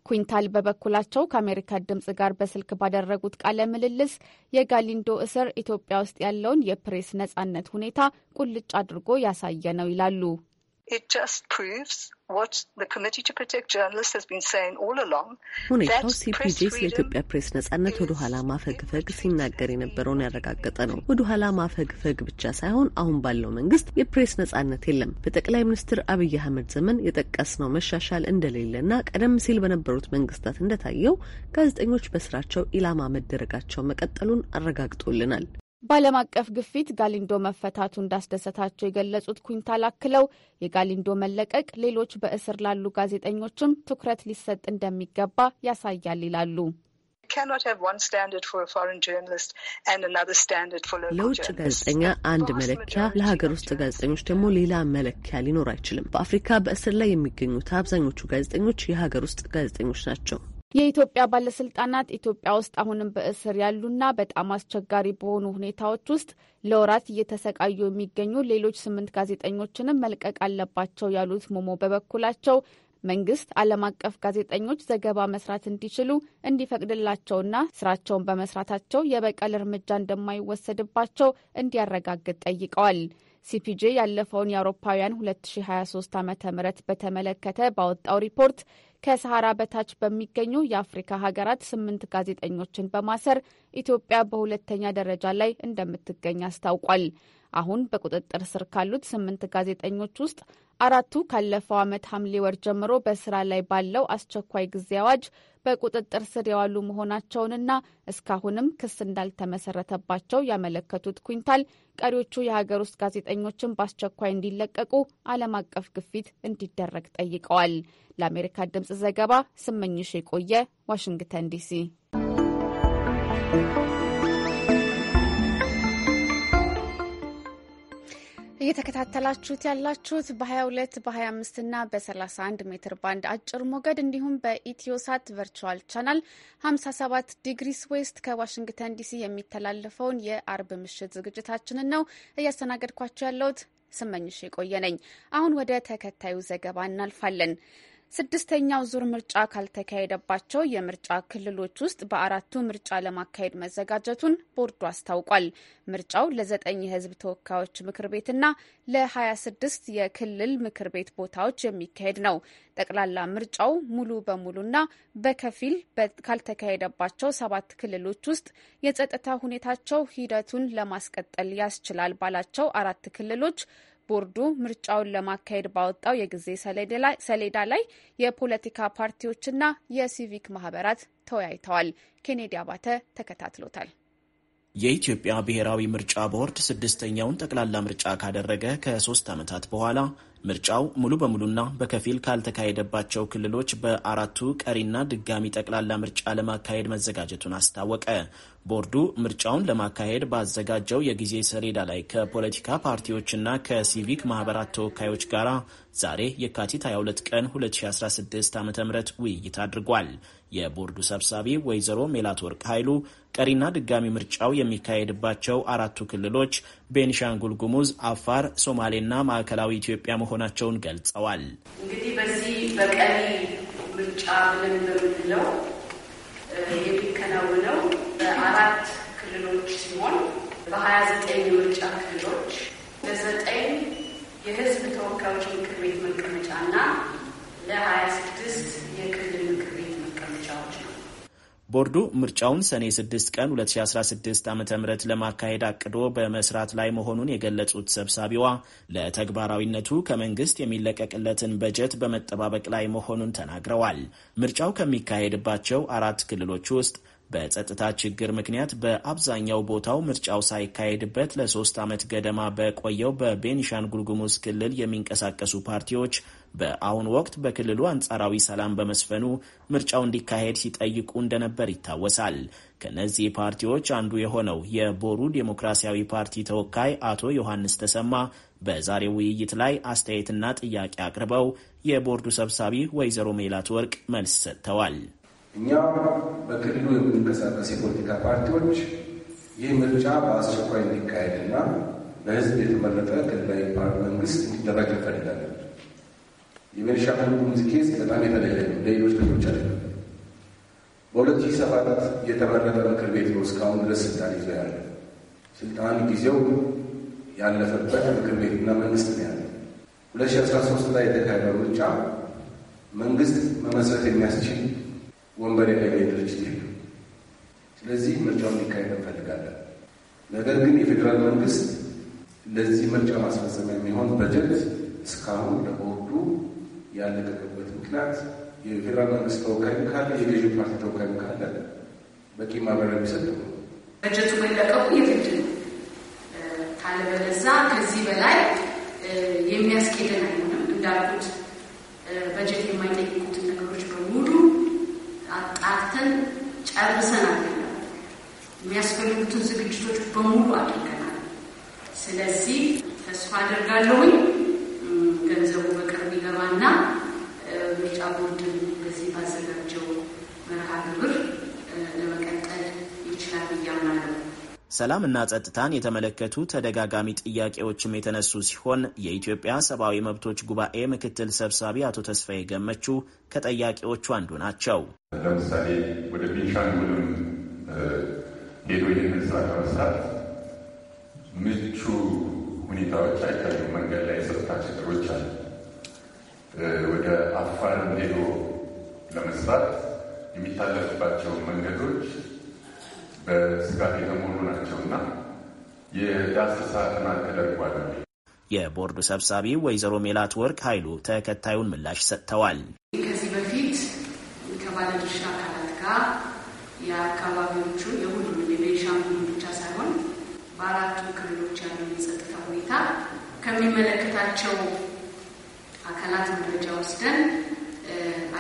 ኩንታል በበኩላቸው ከአሜሪካ ድምጽ ጋር በስልክ ባደረጉት ቃለ ምልልስ የጋሊንዶ እስር ኢትዮጵያ ውስጥ ያለውን የፕሬስ ነጻነት ሁኔታ ቁልጭ አድርጎ ያሳየ ነው ይላሉ። ሁኔታው ሲፒጄ ስለ ፕሬስ ነጻነት ወደ ኋላ ማፈግፈግ ሲናገር የነበረውን ያረጋገጠ ነው። ወደ ኋላ ማፈግፈግ ብቻ ሳይሆን አሁን ባለው መንግስት የፕሬስ ነጻነት የለም። በጠቅላይ ሚኒስትር አብይ አህመድ ዘመን የጠቀስነው መሻሻል እንደሌለና ቀደም ሲል በነበሩት መንግስታት እንደታየው ጋዜጠኞች በስራቸው ኢላማ መደረጋቸው መቀጠሉን አረጋግጦልናል። በዓለም አቀፍ ግፊት ጋሊንዶ መፈታቱ እንዳስደሰታቸው የገለጹት ኩኝታል አክለው የጋሊንዶ መለቀቅ ሌሎች በእስር ላሉ ጋዜጠኞችም ትኩረት ሊሰጥ እንደሚገባ ያሳያል ይላሉ። ለውጭ ጋዜጠኛ አንድ መለኪያ፣ ለሀገር ውስጥ ጋዜጠኞች ደግሞ ሌላ መለኪያ ሊኖር አይችልም። በአፍሪካ በእስር ላይ የሚገኙት አብዛኞቹ ጋዜጠኞች የሀገር ውስጥ ጋዜጠኞች ናቸው። የኢትዮጵያ ባለስልጣናት ኢትዮጵያ ውስጥ አሁንም በእስር ያሉና በጣም አስቸጋሪ በሆኑ ሁኔታዎች ውስጥ ለወራት እየተሰቃዩ የሚገኙ ሌሎች ስምንት ጋዜጠኞችንም መልቀቅ አለባቸው ያሉት ሞሞ በበኩላቸው መንግስት ዓለም አቀፍ ጋዜጠኞች ዘገባ መስራት እንዲችሉ እንዲፈቅድላቸውና ስራቸውን በመስራታቸው የበቀል እርምጃ እንደማይወሰድባቸው እንዲያረጋግጥ ጠይቀዋል። ሲፒጄ ያለፈውን የአውሮፓውያን 2023 ዓ ም በተመለከተ ባወጣው ሪፖርት ከሰሐራ በታች በሚገኙ የአፍሪካ ሀገራት ስምንት ጋዜጠኞችን በማሰር ኢትዮጵያ በሁለተኛ ደረጃ ላይ እንደምትገኝ አስታውቋል። አሁን በቁጥጥር ስር ካሉት ስምንት ጋዜጠኞች ውስጥ አራቱ ካለፈው ዓመት ሐምሌ ወር ጀምሮ በስራ ላይ ባለው አስቸኳይ ጊዜ አዋጅ በቁጥጥር ስር የዋሉ መሆናቸውንና እስካሁንም ክስ እንዳልተመሰረተባቸው ያመለከቱት ኩንታል ቀሪዎቹ የሀገር ውስጥ ጋዜጠኞችን በአስቸኳይ እንዲለቀቁ ዓለም አቀፍ ግፊት እንዲደረግ ጠይቀዋል። ለአሜሪካ ድምጽ ዘገባ ስመኝሽ የቆየ ዋሽንግተን ዲሲ። እየተከታተላችሁት ያላችሁት በ22 በ25 እና በ31 ሜትር ባንድ አጭር ሞገድ እንዲሁም በኢትዮሳት ቨርቹዋል ቻናል 57 ዲግሪስ ዌስት ከዋሽንግተን ዲሲ የሚተላለፈውን የአርብ ምሽት ዝግጅታችንን ነው እያስተናገድኳችሁ ያለሁት ስመኝሽ የቆየ ነኝ። አሁን ወደ ተከታዩ ዘገባ እናልፋለን። ስድስተኛው ዙር ምርጫ ካልተካሄደባቸው የምርጫ ክልሎች ውስጥ በአራቱ ምርጫ ለማካሄድ መዘጋጀቱን ቦርዱ አስታውቋል። ምርጫው ለዘጠኝ የህዝብ ተወካዮች ምክር ቤትና ለ26 የክልል ምክር ቤት ቦታዎች የሚካሄድ ነው። ጠቅላላ ምርጫው ሙሉ በሙሉና በከፊል ካልተካሄደባቸው ሰባት ክልሎች ውስጥ የጸጥታ ሁኔታቸው ሂደቱን ለማስቀጠል ያስችላል ባላቸው አራት ክልሎች ቦርዱ ምርጫውን ለማካሄድ ባወጣው የጊዜ ሰሌዳ ላይ የፖለቲካ ፓርቲዎችና የሲቪክ ማህበራት ተወያይተዋል። ኬኔዲ አባተ ተከታትሎታል። የኢትዮጵያ ብሔራዊ ምርጫ ቦርድ ስድስተኛውን ጠቅላላ ምርጫ ካደረገ ከሶስት ዓመታት በኋላ ምርጫው ሙሉ በሙሉና በከፊል ካልተካሄደባቸው ክልሎች በአራቱ ቀሪና ድጋሚ ጠቅላላ ምርጫ ለማካሄድ መዘጋጀቱን አስታወቀ። ቦርዱ ምርጫውን ለማካሄድ ባዘጋጀው የጊዜ ሰሌዳ ላይ ከፖለቲካ ፓርቲዎችና ከሲቪክ ማህበራት ተወካዮች ጋር ዛሬ የካቲት 22 ቀን 2016 ዓ ም ውይይት አድርጓል። የቦርዱ ሰብሳቢ ወይዘሮ ሜላት ወርቅ ኃይሉ ቀሪና ድጋሚ ምርጫው የሚካሄድባቸው አራቱ ክልሎች ቤኒሻንጉል ጉሙዝ፣ አፋር፣ ሶማሌና ማዕከላዊ ኢትዮጵያ መሆናቸውን ገልጸዋል። እንግዲህ በዚህ በቀሪ ምርጫ ብለን በምንለው የሚከናወነው አራት ክልሎች ሲሆን በሀያ ዘጠኝ ምርጫ ክልሎች ለዘጠኝ የህዝብ ተወካዮች ምክር ቤት መቀመጫና ለሀያ ስድስት የክልል ምክር ቤት ቦርዱ ምርጫውን ሰኔ 6 ቀን 2016 ዓ ም ለማካሄድ አቅዶ በመስራት ላይ መሆኑን የገለጹት ሰብሳቢዋ ለተግባራዊነቱ ከመንግስት የሚለቀቅለትን በጀት በመጠባበቅ ላይ መሆኑን ተናግረዋል። ምርጫው ከሚካሄድባቸው አራት ክልሎች ውስጥ በጸጥታ ችግር ምክንያት በአብዛኛው ቦታው ምርጫው ሳይካሄድበት ለሶስት ዓመት ገደማ በቆየው በቤኒሻንጉል ጉሙዝ ክልል የሚንቀሳቀሱ ፓርቲዎች በአሁኑ ወቅት በክልሉ አንጻራዊ ሰላም በመስፈኑ ምርጫው እንዲካሄድ ሲጠይቁ እንደነበር ይታወሳል። ከነዚህ ፓርቲዎች አንዱ የሆነው የቦሩ ዴሞክራሲያዊ ፓርቲ ተወካይ አቶ ዮሐንስ ተሰማ በዛሬው ውይይት ላይ አስተያየትና ጥያቄ አቅርበው የቦርዱ ሰብሳቢ ወይዘሮ ሜላት ወርቅ መልስ ሰጥተዋል። እኛ በክልሉ የምንንቀሳቀስ የፖለቲካ ፓርቲዎች ይህ ምርጫ በአስቸኳይ እንዲካሄድና በህዝብ የተመረጠ ክልላዊ መንግስት እንዲደረግ እንፈልጋለን። የቤኒሻንጉል ጉሙዝ ኬዝ በጣም የተለየ ነው፣ ለሌሎች ክልሎች አለ በሁለት ሺህ ሰባት የተመረጠ ምክር ቤት ነው እስካሁን ድረስ ስልጣን ይዞ ያለ ስልጣን ጊዜው ያለፈበት ምክር ቤትና መንግስት ነው ያለ። ሁለት ሺህ አስራ ሶስት ላይ የተካሄደው ምርጫ መንግስት መመስረት የሚያስችል ወንበር የተገኘ ድርጅት የለም። ስለዚህ ምርጫው እንዲካሄድ እንፈልጋለን። ነገር ግን የፌዴራል መንግስት ለዚህ ምርጫ ማስፈጸም የሚሆን በጀት እስካሁን ለቦርዱ ያለቀቀበት ምክንያት የፌዴራል መንግስት ተወካይም ካለ የገዢ ፓርቲ ተወካይም ካለ በቂ ማብራሪያ የሚሰጥ ነው። በጀቱ መለቀቁ የግድ ነው። ካለበለዛ ከዚህ በላይ የሚያስኬደን አይሆንም። እንዳልኩት በጀት የማይጠይቁትን ነገሮች በሙሉ አጣርተን ጨርሰን የሚያስፈልጉትን ዝግጅቶች በሙሉ አድርገናል። ስለዚህ ተስፋ አድርጋለሁኝ ገንዘቡ በቅርብ ይገባና ምርጫ ቦርድን በዚህ ባዘጋጀው መርሃ ግብር ለመቀ ሰላምና ጸጥታን የተመለከቱ ተደጋጋሚ ጥያቄዎችም የተነሱ ሲሆን የኢትዮጵያ ሰብአዊ መብቶች ጉባኤ ምክትል ሰብሳቢ አቶ ተስፋዬ ገመቹ ከጠያቂዎቹ አንዱ ናቸው። ለምሳሌ ወደ ቤንሻንጉል ሄዶ ለመስራት ምቹ ሁኔታዎች አይታዩ። መንገድ ላይ የጸጥታ ችግሮች አሉ። ወደ አፋር ሄዶ ለመስራት የሚታለፍባቸው መንገዶች በስጋት የተሞሉ ናቸው የዳሰሳ ጥናት ተደርጓል። የቦርዱ ሰብሳቢ ወይዘሮ ሜላት ወርቅ ኃይሉ ተከታዩን ምላሽ ሰጥተዋል። ከዚህ በፊት ከባለድርሻ አካላት ጋር የአካባቢዎቹ የሁሉም የቤንሻንጉል ብቻ ሳይሆን በአራቱ ክልሎች ያሉ የጸጥታ ሁኔታ ከሚመለከታቸው አካላት መረጃ ወስደን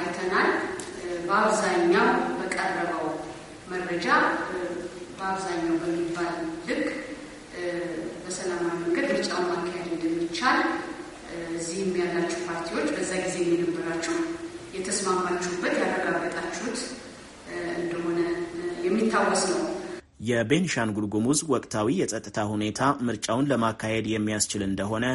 አይተናል። በአብዛኛው በቀረበው መረጃ በአብዛኛው በሚባል ልክ በሰላማዊ መንገድ ምርጫውን ማካሄድ እንደሚቻል እዚህም ያላችሁ ፓርቲዎች በዛ ጊዜ የነበራችሁ የተስማማችሁበት ያረጋገጣችሁት እንደሆነ የሚታወስ ነው። የቤኒሻንጉል ጉሙዝ ወቅታዊ የጸጥታ ሁኔታ ምርጫውን ለማካሄድ የሚያስችል እንደሆነ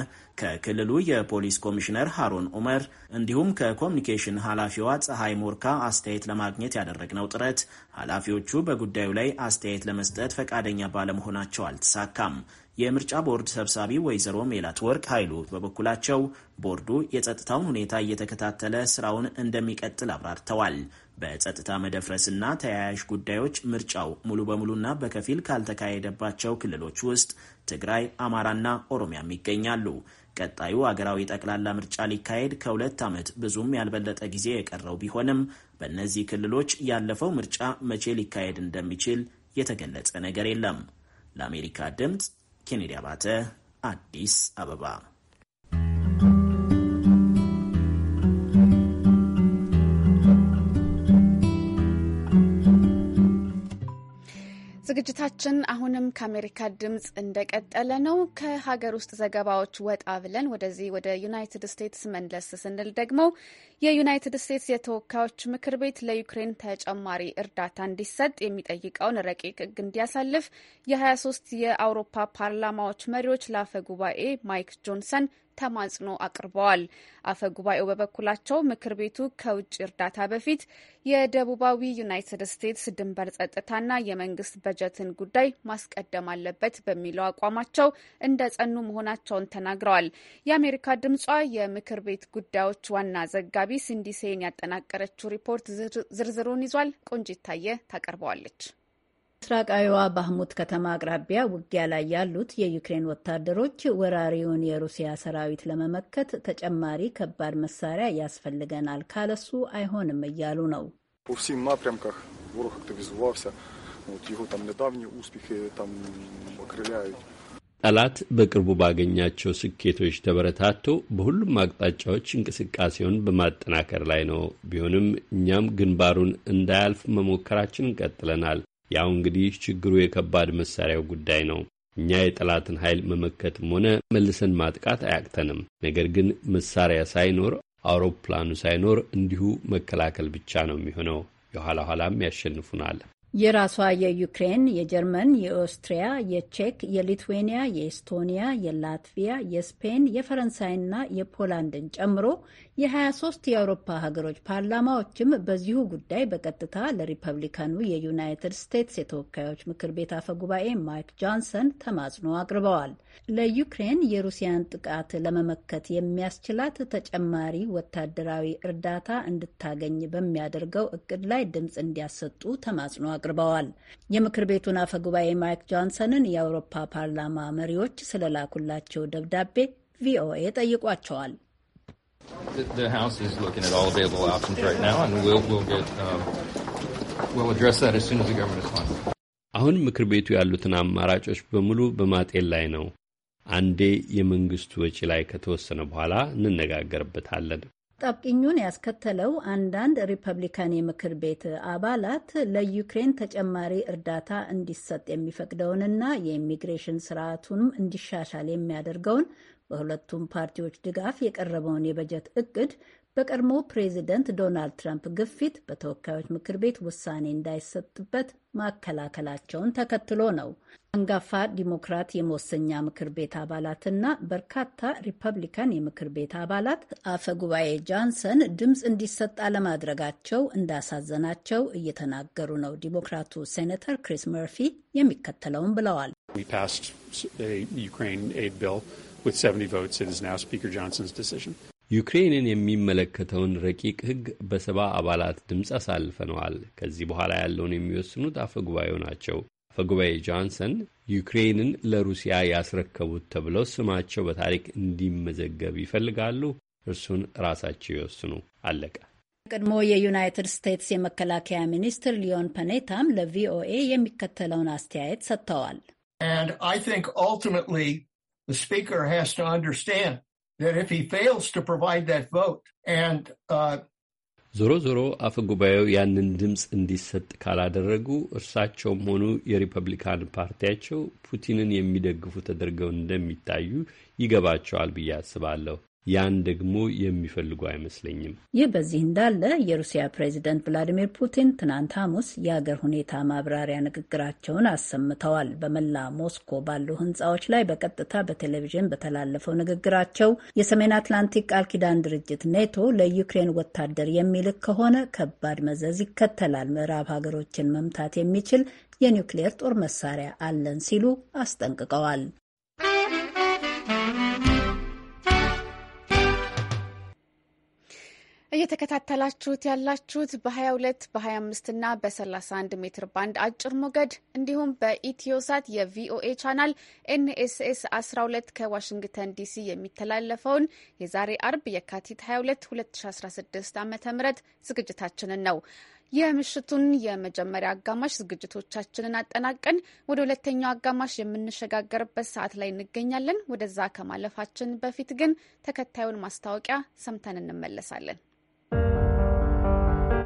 ከክልሉ የፖሊስ ኮሚሽነር ሀሮን ኡመር እንዲሁም ከኮሚኒኬሽን ኃላፊዋ ፀሐይ ሞርካ አስተያየት ለማግኘት ያደረግነው ጥረት ኃላፊዎቹ በጉዳዩ ላይ አስተያየት ለመስጠት ፈቃደኛ ባለመሆናቸው አልተሳካም። የምርጫ ቦርድ ሰብሳቢ ወይዘሮ ሜላት ወርቅ ኃይሉ በበኩላቸው ቦርዱ የጸጥታውን ሁኔታ እየተከታተለ ስራውን እንደሚቀጥል አብራርተዋል። በጸጥታ መደፍረስና ተያያዥ ጉዳዮች ምርጫው ሙሉ በሙሉና በከፊል ካልተካሄደባቸው ክልሎች ውስጥ ትግራይ፣ አማራና ኦሮሚያም ይገኛሉ። ቀጣዩ አገራዊ ጠቅላላ ምርጫ ሊካሄድ ከሁለት ዓመት ብዙም ያልበለጠ ጊዜ የቀረው ቢሆንም በእነዚህ ክልሎች ያለፈው ምርጫ መቼ ሊካሄድ እንደሚችል የተገለጸ ነገር የለም። ለአሜሪካ ድምፅ ኬኔዲ አባተ አዲስ አበባ ዝግጅታችን አሁንም ከአሜሪካ ድምፅ እንደቀጠለ ነው። ከሀገር ውስጥ ዘገባዎች ወጣ ብለን ወደዚህ ወደ ዩናይትድ ስቴትስ መለስ ስንል ደግሞ የዩናይትድ ስቴትስ የተወካዮች ምክር ቤት ለዩክሬን ተጨማሪ እርዳታ እንዲሰጥ የሚጠይቀውን ረቂቅ ሕግ እንዲያሳልፍ የ23 የአውሮፓ ፓርላማዎች መሪዎች ለአፈ ጉባኤ ማይክ ጆንሰን ተማጽኖ አቅርበዋል። አፈ ጉባኤው በበኩላቸው ምክር ቤቱ ከውጭ እርዳታ በፊት የደቡባዊ ዩናይትድ ስቴትስ ድንበር ጸጥታና የመንግስት በጀትን ጉዳይ ማስቀደም አለበት በሚለው አቋማቸው እንደ ጸኑ መሆናቸውን ተናግረዋል። የአሜሪካ ድምጿ የምክር ቤት ጉዳዮች ዋና ዘጋቢ ሲንዲሴን ያጠናቀረችው ሪፖርት ዝርዝሩን ይዟል። ቆንጂት ታየ ታቀርበዋለች። ምስራቃዊዋ ባህሙት ከተማ አቅራቢያ ውጊያ ላይ ያሉት የዩክሬን ወታደሮች ወራሪውን የሩሲያ ሰራዊት ለመመከት ተጨማሪ ከባድ መሳሪያ ያስፈልገናል፣ ካለሱ አይሆንም እያሉ ነው። ጠላት በቅርቡ ባገኛቸው ስኬቶች ተበረታቶ በሁሉም አቅጣጫዎች እንቅስቃሴውን በማጠናከር ላይ ነው። ቢሆንም እኛም ግንባሩን እንዳያልፍ መሞከራችን ቀጥለናል። ያው እንግዲህ ችግሩ የከባድ መሳሪያው ጉዳይ ነው። እኛ የጠላትን ኃይል መመከትም ሆነ መልሰን ማጥቃት አያቅተንም። ነገር ግን መሳሪያ ሳይኖር አውሮፕላኑ ሳይኖር እንዲሁ መከላከል ብቻ ነው የሚሆነው። የኋላ ኋላም ያሸንፉናል። የራሷ የዩክሬን፣ የጀርመን፣ የኦስትሪያ፣ የቼክ፣ የሊትዌኒያ፣ የኤስቶኒያ፣ የላትቪያ፣ የስፔን፣ የፈረንሳይና የፖላንድን ጨምሮ የ23 የአውሮፓ ሀገሮች ፓርላማዎችም በዚሁ ጉዳይ በቀጥታ ለሪፐብሊካኑ የዩናይትድ ስቴትስ የተወካዮች ምክር ቤት አፈ ጉባኤ ማይክ ጆንሰን ተማጽኖ አቅርበዋል። ለዩክሬን የሩሲያን ጥቃት ለመመከት የሚያስችላት ተጨማሪ ወታደራዊ እርዳታ እንድታገኝ በሚያደርገው እቅድ ላይ ድምፅ እንዲያሰጡ ተማጽኖ አቅርበዋል። የምክር ቤቱን አፈ ጉባኤ ማይክ ጆንሰንን የአውሮፓ ፓርላማ መሪዎች ስለላኩላቸው ደብዳቤ ቪኦኤ ጠይቋቸዋል። አሁን ምክር ቤቱ ያሉትን አማራጮች በሙሉ በማጤን ላይ ነው። አንዴ የመንግስቱ ወጪ ላይ ከተወሰነ በኋላ እንነጋገርበታለን። ጣብቅኙን ያስከተለው አንዳንድ ሪፐብሊካን የምክር ቤት አባላት ለዩክሬን ተጨማሪ እርዳታ እንዲሰጥ የሚፈቅደውንና የኢሚግሬሽን ስርዓቱንም እንዲሻሻል የሚያደርገውን በሁለቱም ፓርቲዎች ድጋፍ የቀረበውን የበጀት እቅድ በቀድሞ ፕሬዚደንት ዶናልድ ትራምፕ ግፊት በተወካዮች ምክር ቤት ውሳኔ እንዳይሰጥበት ማከላከላቸውን ተከትሎ ነው አንጋፋ ዲሞክራት የመወሰኛ ምክር ቤት አባላትና በርካታ ሪፐብሊካን የምክር ቤት አባላት አፈ ጉባኤ ጃንሰን ድምፅ እንዲሰጥ አለማድረጋቸው እንዳሳዘናቸው እየተናገሩ ነው። ዲሞክራቱ ሴኔተር ክሪስ መርፊ የሚከተለውን ብለዋል። ዩክሬንን የሚመለከተውን ረቂቅ ሕግ በሰባ አባላት ድምፅ አሳልፈነዋል። ከዚህ በኋላ ያለውን የሚወስኑት አፈጉባኤው ናቸው። አፈጉባኤ ጆንሰን ዩክሬንን ለሩሲያ ያስረከቡት ተብለው ስማቸው በታሪክ እንዲመዘገብ ይፈልጋሉ። እርሱን ራሳቸው ይወስኑ። አለቀ። ቀድሞ የዩናይትድ ስቴትስ የመከላከያ ሚኒስትር ሊዮን ፐኔታም ለቪኦኤ የሚከተለውን አስተያየት ሰጥተዋል። And I think ultimately the speaker has to understand that if he fails to provide that vote and uh, ዞሮ ዞሮ አፈ ጉባኤው ያንን ድምፅ እንዲሰጥ ካላደረጉ እርሳቸውም ሆኑ የሪፐብሊካን ፓርቲያቸው ፑቲንን የሚደግፉ ተደርገው እንደሚታዩ ይገባቸዋል ብዬ አስባለሁ። ያን ደግሞ የሚፈልጉ አይመስለኝም። ይህ በዚህ እንዳለ የሩሲያ ፕሬዚደንት ቭላዲሚር ፑቲን ትናንት ሐሙስ የአገር ሁኔታ ማብራሪያ ንግግራቸውን አሰምተዋል። በመላ ሞስኮ ባሉ ህንፃዎች ላይ በቀጥታ በቴሌቪዥን በተላለፈው ንግግራቸው የሰሜን አትላንቲክ ቃል ኪዳን ድርጅት ኔቶ ለዩክሬን ወታደር የሚልክ ከሆነ ከባድ መዘዝ ይከተላል፣ ምዕራብ ሀገሮችን መምታት የሚችል የኒውክሌር ጦር መሳሪያ አለን ሲሉ አስጠንቅቀዋል። እየተከታተላችሁት ያላችሁት በ22 በ25 እና በ31 ሜትር ባንድ አጭር ሞገድ እንዲሁም በኢትዮሳት የቪኦኤ ቻናል ኤንኤስኤስ 12 ከዋሽንግተን ዲሲ የሚተላለፈውን የዛሬ አርብ የካቲት 22 2016 ዓ ም ዝግጅታችንን ነው። የምሽቱን የመጀመሪያ አጋማሽ ዝግጅቶቻችንን አጠናቀን ወደ ሁለተኛው አጋማሽ የምንሸጋገርበት ሰዓት ላይ እንገኛለን። ወደዛ ከማለፋችን በፊት ግን ተከታዩን ማስታወቂያ ሰምተን እንመለሳለን።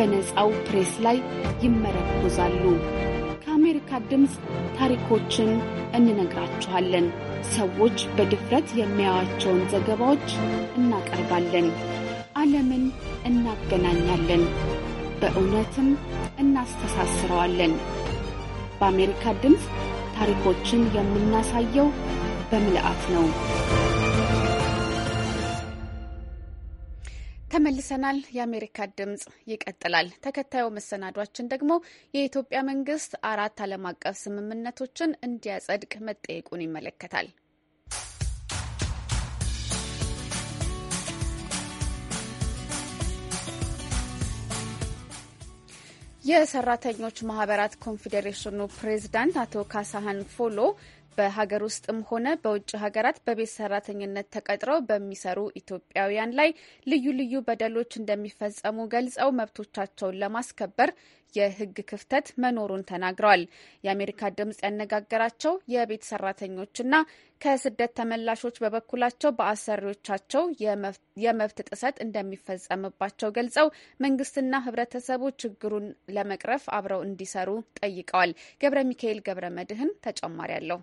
በነፃው ፕሬስ ላይ ይመረኮዛሉ። ከአሜሪካ ድምፅ ታሪኮችን እንነግራችኋለን። ሰዎች በድፍረት የሚያያቸውን ዘገባዎች እናቀርባለን። ዓለምን እናገናኛለን፣ በእውነትም እናስተሳስረዋለን። በአሜሪካ ድምፅ ታሪኮችን የምናሳየው በምልአት ነው። ተመልሰናል። የአሜሪካ ድምጽ ይቀጥላል። ተከታዩ መሰናዷችን ደግሞ የኢትዮጵያ መንግስት አራት ዓለም አቀፍ ስምምነቶችን እንዲያጸድቅ መጠየቁን ይመለከታል። የሰራተኞች ማህበራት ኮንፌዴሬሽኑ ፕሬዝዳንት አቶ ካሳሃን ፎሎ በሀገር ውስጥም ሆነ በውጭ ሀገራት በቤት ሰራተኝነት ተቀጥረው በሚሰሩ ኢትዮጵያውያን ላይ ልዩ ልዩ በደሎች እንደሚፈጸሙ ገልጸው መብቶቻቸውን ለማስከበር የህግ ክፍተት መኖሩን ተናግረዋል። የአሜሪካ ድምጽ ያነጋገራቸው የቤት ሰራተኞችና ከስደት ተመላሾች በበኩላቸው በአሰሪዎቻቸው የመብት ጥሰት እንደሚፈጸምባቸው ገልጸው መንግስትና ህብረተሰቡ ችግሩን ለመቅረፍ አብረው እንዲሰሩ ጠይቀዋል። ገብረ ሚካኤል ገብረ መድህን ተጨማሪ አለው።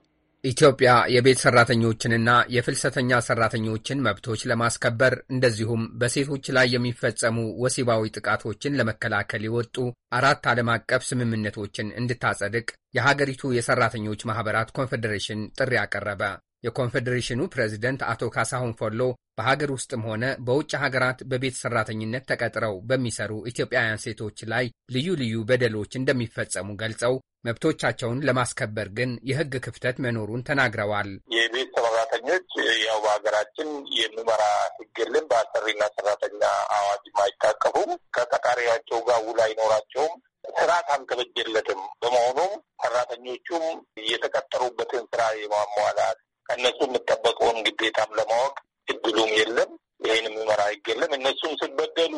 ኢትዮጵያ የቤት ሰራተኞችንና የፍልሰተኛ ሰራተኞችን መብቶች ለማስከበር እንደዚሁም በሴቶች ላይ የሚፈጸሙ ወሲባዊ ጥቃቶችን ለመከላከል የወጡ አራት ዓለም አቀፍ ስምምነቶችን እንድታጸድቅ የሀገሪቱ የሰራተኞች ማኅበራት ኮንፌዴሬሽን ጥሪ አቀረበ። የኮንፌዴሬሽኑ ፕሬዚደንት አቶ ካሳሁን ፎሎ በሀገር ውስጥም ሆነ በውጭ ሀገራት በቤት ሰራተኝነት ተቀጥረው በሚሰሩ ኢትዮጵያውያን ሴቶች ላይ ልዩ ልዩ በደሎች እንደሚፈጸሙ ገልጸው መብቶቻቸውን ለማስከበር ግን የሕግ ክፍተት መኖሩን ተናግረዋል። የቤት ሰራተኞች ያው በሀገራችን የሚመራ ሕግ የለም። በአሰሪና ሰራተኛ አዋጅም አይታቀፉም። ከቀጣሪያቸው ጋር ውል አይኖራቸውም። ስራ አልተበጀለትም። በመሆኑም ሰራተኞቹም የተቀጠሩበትን ስራ የማሟላት ከእነሱ የምጠበቀውን ግዴታም ለማወቅ እድሉም የለም። ይህን የሚመራ ህግ የለም። እነሱም ስበደሉ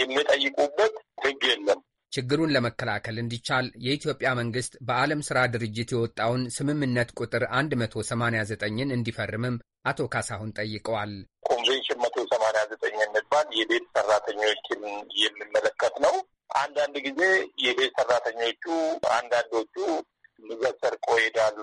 የሚጠይቁበት ህግ የለም። ችግሩን ለመከላከል እንዲቻል የኢትዮጵያ መንግስት በዓለም ስራ ድርጅት የወጣውን ስምምነት ቁጥር 189ን እንዲፈርምም አቶ ካሳሁን ጠይቀዋል። ኮንቬንሽን 189 የሚባል የቤት ሰራተኞችን የሚመለከት ነው። አንዳንድ ጊዜ የቤት ሰራተኞቹ አንዳንዶቹ ልጆች ሰርቆ ይሄዳሉ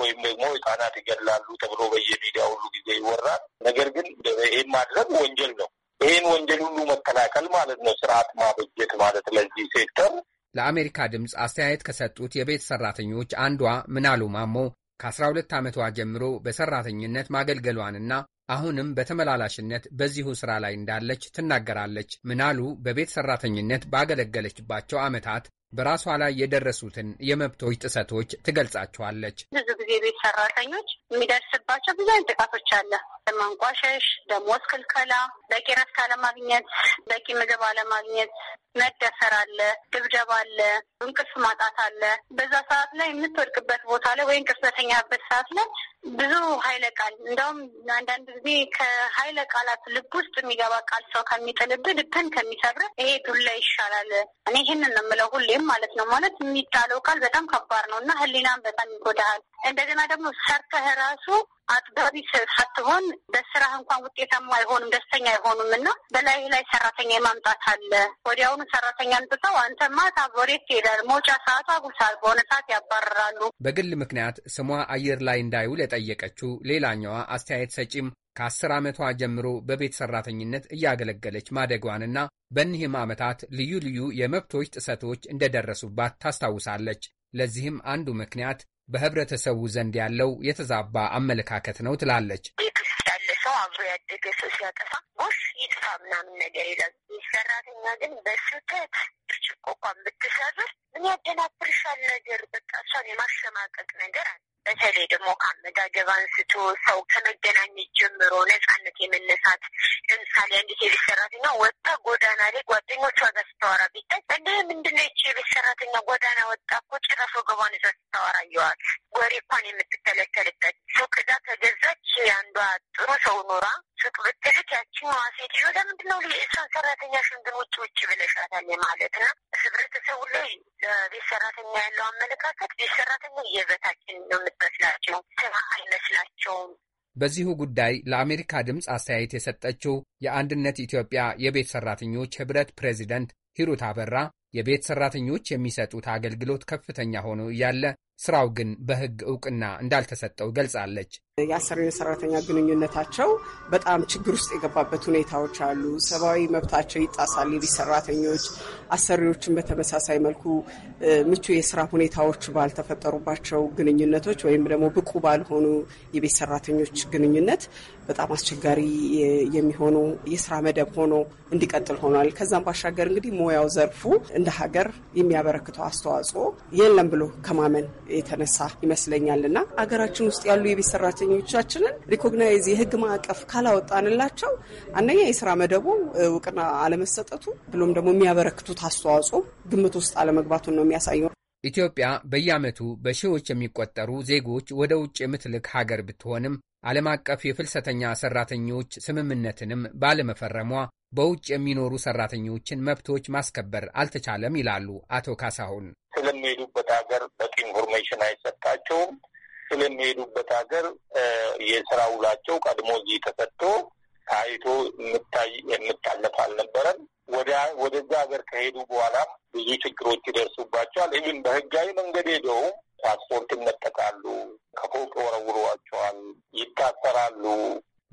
ወይም ደግሞ ህጻናት ይገድላሉ ተብሎ በየሚዲያ ሁሉ ጊዜ ይወራል። ነገር ግን ይህን ማድረግ ወንጀል ነው። ይህን ወንጀል ሁሉ መከላከል ማለት ነው ስርዓት ማበጀት ማለት ለዚህ ሴክተር። ለአሜሪካ ድምፅ አስተያየት ከሰጡት የቤት ሰራተኞች አንዷ ምናሉ ማሞ ከአስራ ሁለት ዓመቷ ጀምሮ በሰራተኝነት ማገልገሏንና አሁንም በተመላላሽነት በዚሁ ስራ ላይ እንዳለች ትናገራለች። ምናሉ በቤት ሰራተኝነት ባገለገለችባቸው ዓመታት በራሷ ላይ የደረሱትን የመብቶች ጥሰቶች ትገልጻቸዋለች። ብዙ ጊዜ ቤት ሰራተኞች የሚደርስባቸው ብዙ አይነት ጥቃቶች አለ። ማንቋሸሽ፣ ደሞዝ ክልከላ፣ በቂ ረፍት አለማግኘት፣ በቂ ምግብ አለማግኘት፣ መደፈር አለ፣ ድብደባ አለ፣ እንቅልፍ ማጣት አለ። በዛ ሰዓት ላይ የምትወድቅበት ቦታ ላይ ወይ እንቅልፍ በተኛበት ሰዓት ላይ ብዙ ኃይለ ቃል እንደውም አንዳንድ ጊዜ ከኃይለ ቃላት ልብ ውስጥ የሚገባ ቃል ሰው ከሚጥልብ ልብን ከሚሰብር ይሄ ዱላ ይሻላል። እኔ ይህንን የምለው ሁሌም ማለት ነው። ማለት የሚጣለው ቃል በጣም ከባድ ነው እና ህሊናን በጣም ይጎዳሃል። እንደገና ደግሞ ሰርተህ ራሱ አጥጋቢ ሳትሆን በስራህ እንኳን ውጤታማ አይሆኑም ደስተኛ አይሆኑም እና በላይ ላይ ሰራተኛ የማምጣት አለ። ወዲያውኑ ሰራተኛ አምጥተው አንተማ ታቦሬት ትሄዳል፣ መውጫ ሰዓቱ አጉሳል፣ በሆነ ሰዓት ያባረራሉ። በግል ምክንያት ስሟ አየር ላይ እንዳይውል የጠየቀችው ሌላኛዋ አስተያየት ሰጪም ከአስር ዓመቷ ጀምሮ በቤት ሰራተኝነት እያገለገለች ማደጓንና በእኒህም ዓመታት ልዩ ልዩ የመብቶች ጥሰቶች እንደደረሱባት ታስታውሳለች። ለዚህም አንዱ ምክንያት በህብረተሰቡ ዘንድ ያለው የተዛባ አመለካከት ነው ትላለች። ያለ ሰው አብሮ ያደገ ሰው ሲያጠፋ ጎሽ ይጥፋ ምናምን ነገር ይላል። ሰራተኛ ግን በስህተት ብርጭቆ እንኳን ብትሰብር ምን ያደናብርሻል ነገር በቃ እሷን የማሸማቀቅ ነገር አለ በተለይ ደግሞ ከአመጋገብ አንስቶ ሰው ከመገናኘት ጀምሮ ነጻነት የመነሳት ለምሳሌ አንዲት የቤት ሰራተኛ ወጣ ጎዳና ላይ ጓደኞቿ ጋር ስታወራ ቢታይ እንደ ምንድነው ይቺ የቤት ሰራተኛ ጎዳና ወጣ እኮ ጭራሽ ወገቧን ይዛ ስታወራ ይዋል ወሬ እንኳን የምትከለከልበት ሱቅ ዳ ተገዛች። አንዷ ጥሩ ሰው ኖራ ስጡ ብትልክ ያቺን ለምንድ ነው እሷን ሰራተኛሽን ግን ውጭ ውጭ ብለሻታል ማለት ነው። ህብረተሰቡ ላይ ለቤት ሰራተኛ ያለው አመለካከት ቤት ሰራተኛ የበታችን ነው የምትመስላቸው፣ ስራ አይመስላቸውም። በዚሁ ጉዳይ ለአሜሪካ ድምፅ አስተያየት የሰጠችው የአንድነት ኢትዮጵያ የቤት ሰራተኞች ህብረት ፕሬዚደንት ሂሩት አበራ የቤት ሰራተኞች የሚሰጡት አገልግሎት ከፍተኛ ሆኖ እያለ ስራው ግን በህግ እውቅና እንዳልተሰጠው ገልጻለች። የአሰሪና ሰራተኛ ግንኙነታቸው በጣም ችግር ውስጥ የገባበት ሁኔታዎች አሉ። ሰብአዊ መብታቸው ይጣሳል። የቤት ሰራተኞች አሰሪዎችን በተመሳሳይ መልኩ ምቹ የስራ ሁኔታዎች ባልተፈጠሩባቸው ግንኙነቶች ወይም ደግሞ ብቁ ባልሆኑ የቤት ሰራተኞች ግንኙነት በጣም አስቸጋሪ የሚሆኑ የስራ መደብ ሆኖ እንዲቀጥል ሆኗል። ከዛም ባሻገር እንግዲህ ሙያው ዘርፉ እንደ ሀገር የሚያበረክተው አስተዋጽኦ የለም ብሎ ከማመን የተነሳ ይመስለኛል እና ሀገራችን ውስጥ ያሉ የቤት ሰራተኞች ሰራተኞቻችንን ሪኮግናይዝ የህግ ማዕቀፍ ካላወጣንላቸው አንደኛ የስራ መደቡ እውቅና አለመሰጠቱ ብሎም ደግሞ የሚያበረክቱት አስተዋጽኦ ግምት ውስጥ አለመግባቱን ነው የሚያሳየው። ኢትዮጵያ በየዓመቱ በሺዎች የሚቆጠሩ ዜጎች ወደ ውጭ የምትልክ ሀገር ብትሆንም ዓለም አቀፍ የፍልሰተኛ ሰራተኞች ስምምነትንም ባለመፈረሟ በውጭ የሚኖሩ ሰራተኞችን መብቶች ማስከበር አልተቻለም ይላሉ አቶ ካሳሁን። ስለሚሄዱበት ሀገር በቂ ኢንፎርሜሽን አይሰጣቸውም። ስለሚሄዱበት ሀገር የስራ ውላቸው ቀድሞ እዚህ ተሰጥቶ ታይቶ የምታይ የምታለፍ አልነበረም። ወደዛ ሀገር ከሄዱ በኋላም ብዙ ችግሮች ይደርሱባቸዋል። ይህም በህጋዊ መንገድ ሄደው ፓስፖርት ይነጠቃሉ፣ ከፎቅ ወረውረዋቸዋል፣ ይታሰራሉ።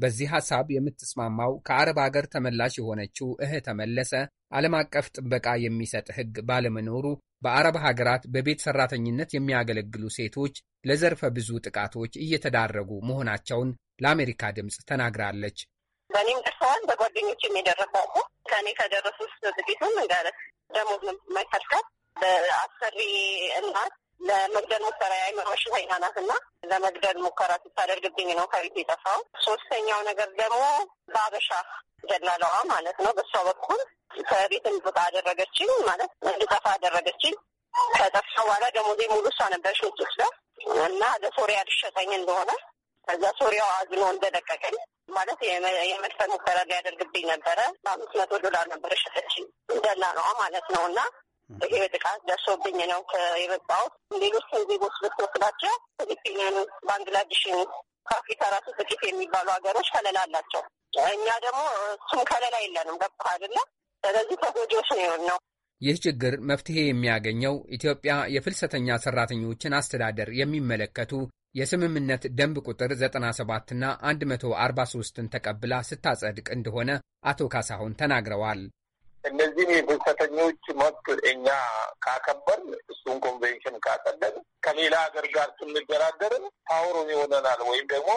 በዚህ ሀሳብ የምትስማማው ከአረብ ሀገር ተመላሽ የሆነችው እህ ተመለሰ ዓለም አቀፍ ጥበቃ የሚሰጥ ህግ ባለመኖሩ በአረብ ሀገራት በቤት ሰራተኝነት የሚያገለግሉ ሴቶች ለዘርፈ ብዙ ጥቃቶች እየተዳረጉ መሆናቸውን ለአሜሪካ ድምፅ ተናግራለች። በእኔም ደርሰዋል፣ በጓደኞችም የደረሰው ከእኔ ከደረሱ ውስጥ ጥቂቱን እንጋለት ደሞዝ የማይፈልጋት በአሰሪ እናት ለመግደል ሙከራ የአእምሮ በሽተኛ ናት እና ለመግደል ሙከራ ስታደርግብኝ ነው ከቤት የጠፋው። ሶስተኛው ነገር ደግሞ በአበሻ ደላለዋ ማለት ነው። በእሷ በኩል ከቤት እንድወጣ አደረገችኝ፣ ማለት እንድጠፋ አደረገችኝ። ከጠፋ በኋላ ደሞዜ ሙሉ እሷ ነበረች ምትወስደው እና ለሶሪያ ልሸጠኝ እንደሆነ ከዛ ሶሪያው አዝኖ እንደለቀቀኝ ማለት የመድፈር ሙከራ ሊያደርግብኝ ነበረ። በአምስት መቶ ዶላር ነበረ ሸጠችኝ። ደላለዋ ማለት ነው እና ይሄ ጥቃት ደርሶብኝ ነው የመጣሁት። ሌሎች ዜጎች ብትወስዳቸው ፊሊፒንን፣ ባንግላዴሽን ከአፍሪካ ራሱ ጥቂት የሚባሉ ሀገሮች ከለላ አላቸው። እኛ ደግሞ እሱም ከለላ የለንም። ስለዚህ ተጎጂዎች ነው የሆነው። ይህ ችግር መፍትሄ የሚያገኘው ኢትዮጵያ የፍልሰተኛ ሰራተኞችን አስተዳደር የሚመለከቱ የስምምነት ደንብ ቁጥር 97ና 143ን ተቀብላ ስታጸድቅ እንደሆነ አቶ ካሳሁን ተናግረዋል። እነዚህን የፍልሰተኞች መብት እኛ ካከበር እሱን ኮንቬንሽን ካጸደቅ ከሌላ ሀገር ጋር ስንደራደርን ታውሩን ይሆነናል ወይም ደግሞ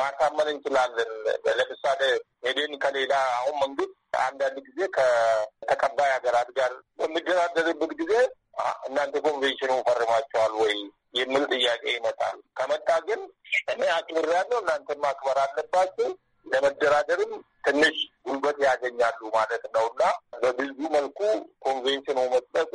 ማሳመን እንችላለን። ለምሳሌ ሄደን ከሌላ አሁን መንግስት አንዳንድ ጊዜ ከተቀባይ ሀገራት ጋር በሚደራደርበት ጊዜ እናንተ ኮንቬንሽኑ ፈርማቸዋል ወይ የሚል ጥያቄ ይመጣል። ከመጣ ግን እኔ ያለው እናንተም ማክበር አለባችሁ ለመደራደርም ትንሽ ጉልበት ያገኛሉ ማለት ነው እና በብዙ መልኩ ኮንቬንሽኑ መጠቁ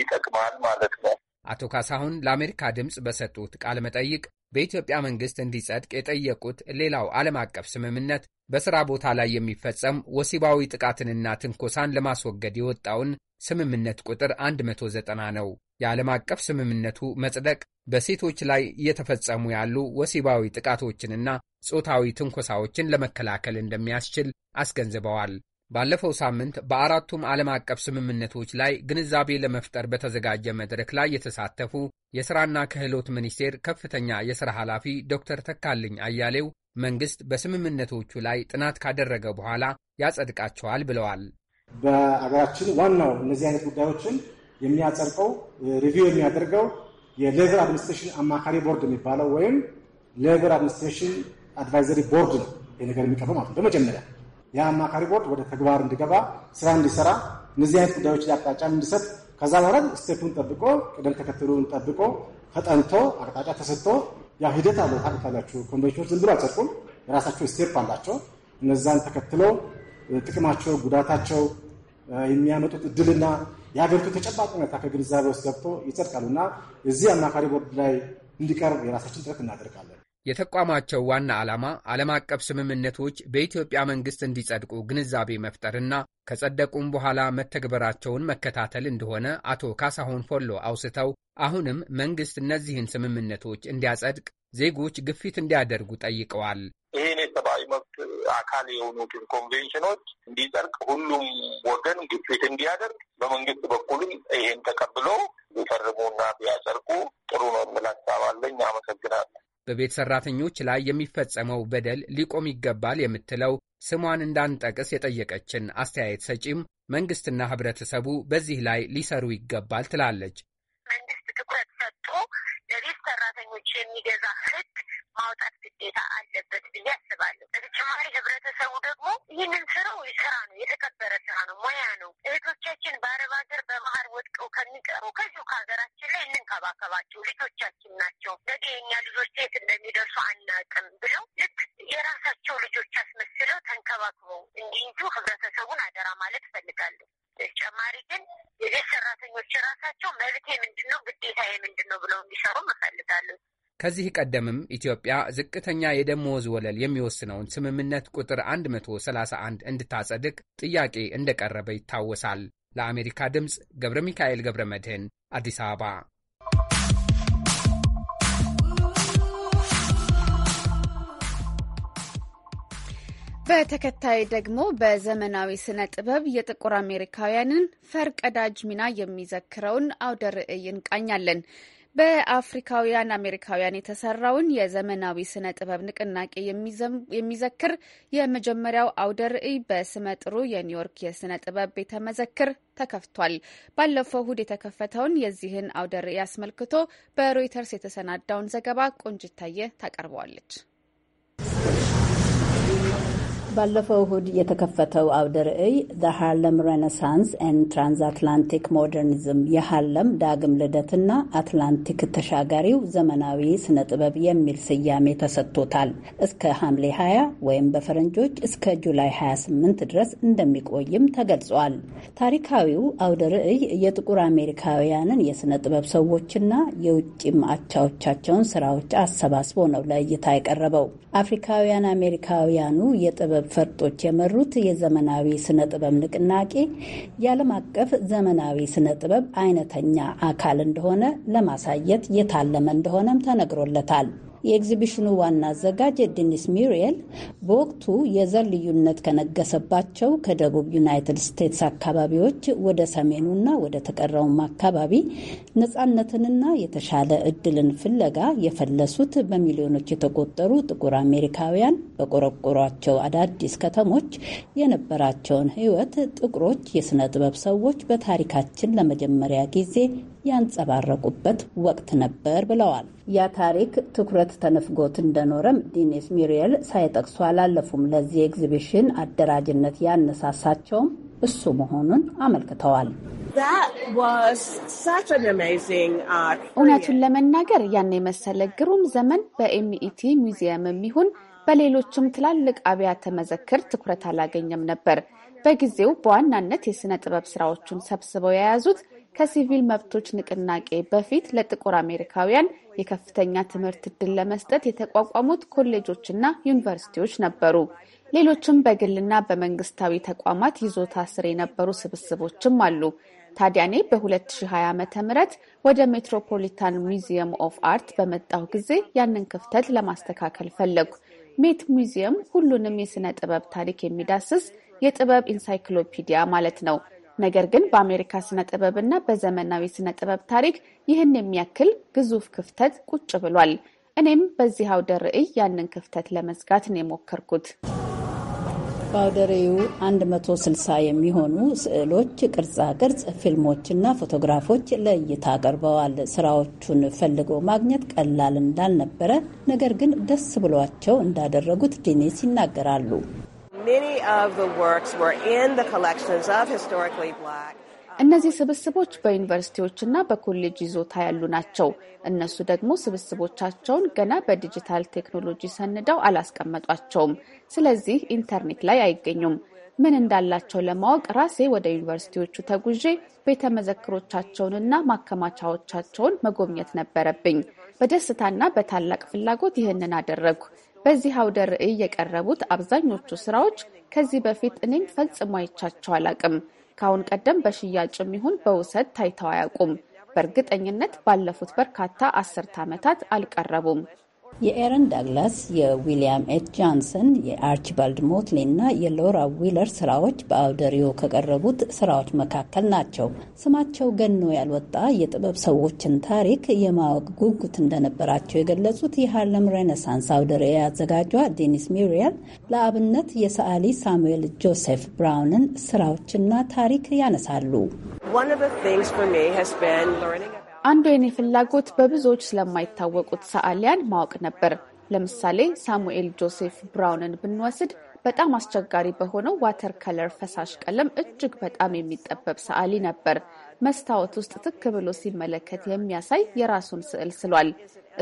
ይጠቅማል ማለት ነው። አቶ ካሳሁን ለአሜሪካ ድምፅ በሰጡት ቃለ መጠይቅ በኢትዮጵያ መንግስት እንዲጸድቅ የጠየቁት ሌላው ዓለም አቀፍ ስምምነት በሥራ ቦታ ላይ የሚፈጸም ወሲባዊ ጥቃትንና ትንኮሳን ለማስወገድ የወጣውን ስምምነት ቁጥር 190 ነው። የዓለም አቀፍ ስምምነቱ መጽደቅ በሴቶች ላይ እየተፈጸሙ ያሉ ወሲባዊ ጥቃቶችንና ጾታዊ ትንኮሳዎችን ለመከላከል እንደሚያስችል አስገንዝበዋል። ባለፈው ሳምንት በአራቱም ዓለም አቀፍ ስምምነቶች ላይ ግንዛቤ ለመፍጠር በተዘጋጀ መድረክ ላይ የተሳተፉ የሥራና ክህሎት ሚኒስቴር ከፍተኛ የሥራ ኃላፊ ዶክተር ተካልኝ አያሌው መንግሥት በስምምነቶቹ ላይ ጥናት ካደረገ በኋላ ያጸድቃቸዋል ብለዋል። በአገራችን ዋናው እነዚህ አይነት ጉዳዮችን የሚያጸድቀው ሪቪው የሚያደርገው የሌቨር አድሚኒስትሬሽን አማካሪ ቦርድ የሚባለው ወይም ሌቨር አድሚኒስትሬሽን አድቫይዘሪ ቦርድ ነው። ይህ ነገር የሚቀርበው ማለት ነው በመጀመሪያ የአማካሪ ቦርድ ወደ ተግባር እንዲገባ ስራ እንዲሰራ እነዚህ አይነት ጉዳዮች ላይ አቅጣጫ እንዲሰጥ ከዛ በኋላ ስቴፑን ጠብቆ ቅደም ተከተሉን ጠብቆ ተጠንቶ አቅጣጫ ተሰጥቶ ያው ሂደት አለ። ታቅታላችሁ ኮንቬንሽኖች ዝም ብሎ አይጸድቁም። የራሳቸው ስቴፕ አላቸው። እነዛን ተከትለው ጥቅማቸው፣ ጉዳታቸው፣ የሚያመጡት እድልና የሀገሪቱ ተጨባጭ ሁኔታ ከግንዛቤ ውስጥ ገብቶ ይጸድቃሉ እና እዚህ አማካሪ ቦርድ ላይ እንዲቀርብ የራሳችን ጥረት እናደርጋለን። የተቋማቸው ዋና ዓላማ ዓለም አቀፍ ስምምነቶች በኢትዮጵያ መንግሥት እንዲጸድቁ ግንዛቤ መፍጠርና ከጸደቁም በኋላ መተግበራቸውን መከታተል እንደሆነ አቶ ካሳሁን ፎሎ አውስተው አሁንም መንግሥት እነዚህን ስምምነቶች እንዲያጸድቅ ዜጎች ግፊት እንዲያደርጉ ጠይቀዋል። ይህን የሰብአዊ መብት አካል የሆኑትን ኮንቬንሽኖች እንዲጸድቅ ሁሉም ወገን ግፊት እንዲያደርግ በመንግስት በኩልም ይህን ተቀብሎ ቢፈርሙና ቢያጸድቁ ጥሩ ነው የምል ሀሳብ አለኝ። አመሰግናለሁ። በቤት ሰራተኞች ላይ የሚፈጸመው በደል ሊቆም ይገባል የምትለው ስሟን እንዳንጠቅስ የጠየቀችን አስተያየት ሰጪም መንግስትና ህብረተሰቡ በዚህ ላይ ሊሰሩ ይገባል ትላለች። መንግስት ትኩረት ሰጥቶ የቤት ሰራተኞች የሚገዛ ህግ ማውጣት ግዴታ አለበት ብዬ አስባለሁ። በተጨማሪ ህብረተሰቡ ደግሞ ይህንን ስራው ስራ ነው፣ የተከበረ ስራ ነው፣ ሙያ ነው። እህቶቻችን በአረብ ሀገር በባህር ወድቀው ከሚቀሩ ከዚሁ ከሀገራችን ላይ እንንከባከባቸው፣ ልጆቻችን ናቸው። ነገ የኛ ልጆች ሴት እንደሚደርሱ አናውቅም ብለው ልክ የራሳቸው ልጆች አስመስለው ተንከባክበው እንዲይዙ ህብረተሰቡን አደራ ማለት እፈልጋለሁ። በተጨማሪ ግን የቤት ሰራተኞች የራሳቸው መብቴ ምንድን ነው ግዴታዬ ምንድን ነው ብለው እንዲሰሩም እፈልጋለሁ። ከዚህ ቀደምም ኢትዮጵያ ዝቅተኛ የደመወዝ ወለል የሚወስነውን ስምምነት ቁጥር 131 እንድታጸድቅ ጥያቄ እንደቀረበ ይታወሳል። ለአሜሪካ ድምፅ ገብረ ሚካኤል ገብረ መድህን አዲስ አበባ። በተከታይ ደግሞ በዘመናዊ ስነ ጥበብ የጥቁር አሜሪካውያንን ፈርቀዳጅ ሚና የሚዘክረውን አውደ ርዕይ እንቃኛለን። በአፍሪካውያን አሜሪካውያን የተሰራውን የዘመናዊ ስነ ጥበብ ንቅናቄ የሚዘክር የመጀመሪያው አውደ ርዕይ የኒውዮርክ የስነ ጥበብ ቤተ መዘክር ተከፍቷል። ባለፈው እሁድ የተከፈተውን የዚህን አውደ ርዕይ አስመልክቶ በሮይተርስ የተሰናዳውን ዘገባ ቆንጅታየ ታቀርበዋለች። ባለፈው እሁድ የተከፈተው አውደ ርዕይ ዘ ሃርለም ሬኔሳንስ ኤን ትራንስአትላንቲክ ሞደርኒዝም የሃርለም ዳግም ልደትና አትላንቲክ ተሻጋሪው ዘመናዊ ስነ ጥበብ የሚል ስያሜ ተሰጥቶታል። እስከ ሐምሌ 20 ወይም በፈረንጆች እስከ ጁላይ 28 ድረስ እንደሚቆይም ተገልጿል። ታሪካዊው አውደ ርዕይ የጥቁር አሜሪካውያንን የስነ ጥበብ ሰዎችና የውጭ አቻዎቻቸውን ስራዎች አሰባስቦ ነው ለእይታ የቀረበው። አፍሪካውያን አሜሪካውያኑ የጥበብ ጥበብ ፈርጦች የመሩት የዘመናዊ ስነ ጥበብ ንቅናቄ የዓለም አቀፍ ዘመናዊ ስነ ጥበብ አይነተኛ አካል እንደሆነ ለማሳየት የታለመ እንደሆነም ተነግሮለታል። የኤግዚቢሽኑ ዋና አዘጋጅ ዲኒስ ሚሪየል በወቅቱ የዘር ልዩነት ከነገሰባቸው ከደቡብ ዩናይትድ ስቴትስ አካባቢዎች ወደ ሰሜኑና ወደ ተቀረውም አካባቢ ነጻነትንና የተሻለ እድልን ፍለጋ የፈለሱት በሚሊዮኖች የተቆጠሩ ጥቁር አሜሪካውያን በቆረቆሯቸው አዳዲስ ከተሞች የነበራቸውን ሕይወት ጥቁሮች የስነ ጥበብ ሰዎች በታሪካችን ለመጀመሪያ ጊዜ ያንጸባረቁበት ወቅት ነበር ብለዋል። ያ ታሪክ ትኩረት ተነፍጎት እንደኖረም ዲኒስ ሚሪየል ሳይጠቅሱ አላለፉም። ለዚህ ኤግዚቢሽን አደራጅነት ያነሳሳቸውም እሱ መሆኑን አመልክተዋል። uh, እውነቱን ለመናገር ያን የመሰለ ግሩም ዘመን በኤምኢቲ ሚውዚየም የሚሆን በሌሎችም ትላልቅ አብያተ መዘክር ትኩረት አላገኘም ነበር። በጊዜው በዋናነት የሥነ ጥበብ ስራዎቹን ሰብስበው የያዙት ከሲቪል መብቶች ንቅናቄ በፊት ለጥቁር አሜሪካውያን የከፍተኛ ትምህርት እድል ለመስጠት የተቋቋሙት ኮሌጆችና ዩኒቨርሲቲዎች ነበሩ። ሌሎችም በግልና በመንግስታዊ ተቋማት ይዞታ ስር የነበሩ ስብስቦችም አሉ። ታዲያኔ በ2020 ዓ ም ወደ ሜትሮፖሊታን ሙዚየም ኦፍ አርት በመጣሁ ጊዜ ያንን ክፍተት ለማስተካከል ፈለጉ። ሜት ሙዚየም ሁሉንም የሥነ ጥበብ ታሪክ የሚዳስስ የጥበብ ኢንሳይክሎፒዲያ ማለት ነው። ነገር ግን በአሜሪካ ስነ ጥበብ እና በዘመናዊ ስነ ጥበብ ታሪክ ይህን የሚያክል ግዙፍ ክፍተት ቁጭ ብሏል። እኔም በዚህ አውደ ርዕይ ያንን ክፍተት ለመዝጋት ነው የሞከርኩት። በአውደ ርዕዩ 160 የሚሆኑ ስዕሎች፣ ቅርጻ ቅርጽ፣ ፊልሞችና ፎቶግራፎች ለእይታ ቀርበዋል። ስራዎቹን ፈልጎ ማግኘት ቀላል እንዳልነበረ፣ ነገር ግን ደስ ብሏቸው እንዳደረጉት ዲኒስ ይናገራሉ። እነዚህ ስብስቦች በዩኒቨርሲቲዎችና በኮሌጅ ይዞታ ያሉ ናቸው። እነሱ ደግሞ ስብስቦቻቸውን ገና በዲጂታል ቴክኖሎጂ ሰንደው አላስቀመጧቸውም። ስለዚህ ኢንተርኔት ላይ አይገኙም። ምን እንዳላቸው ለማወቅ ራሴ ወደ ዩኒቨርሲቲዎቹ ተጉዤ ቤተ መዘክሮቻቸውንና ማከማቻዎቻቸውን መጎብኘት ነበረብኝ። በደስታና በታላቅ ፍላጎት ይህንን አደረግኩ። በዚህ አውደ ርዕይ የቀረቡት አብዛኞቹ ስራዎች ከዚህ በፊት እኔም ፈጽሞ አይቻቸው አላቅም። ከአሁን ቀደም በሽያጭም ይሁን በውሰት ታይተው አያውቁም። በእርግጠኝነት ባለፉት በርካታ አስርት ዓመታት አልቀረቡም። የኤረን ዳግላስ፣ የዊሊያም ኤች ጃንሰን የአርችባልድ ሞትሊ እና የሎራ ዊለር ስራዎች በአውደሪዮ ከቀረቡት ስራዎች መካከል ናቸው። ስማቸው ገኖ ያልወጣ የጥበብ ሰዎችን ታሪክ የማወቅ ጉጉት እንደነበራቸው የገለጹት የሃርለም ሬኔሳንስ አውደሪዮ ርዕዮ አዘጋጇ ዴኒስ ሚሪያል ለአብነት የሰዓሊ ሳሙኤል ጆሴፍ ብራውንን ስራዎችና ታሪክ ያነሳሉ። አንዱ የኔ ፍላጎት በብዙዎች ስለማይታወቁት ሰዓሊያን ማወቅ ነበር። ለምሳሌ ሳሙኤል ጆሴፍ ብራውንን ብንወስድ በጣም አስቸጋሪ በሆነው ዋተር ከለር ፈሳሽ ቀለም እጅግ በጣም የሚጠበብ ሰዓሊ ነበር። መስታወት ውስጥ ትክ ብሎ ሲመለከት የሚያሳይ የራሱን ስዕል ስሏል።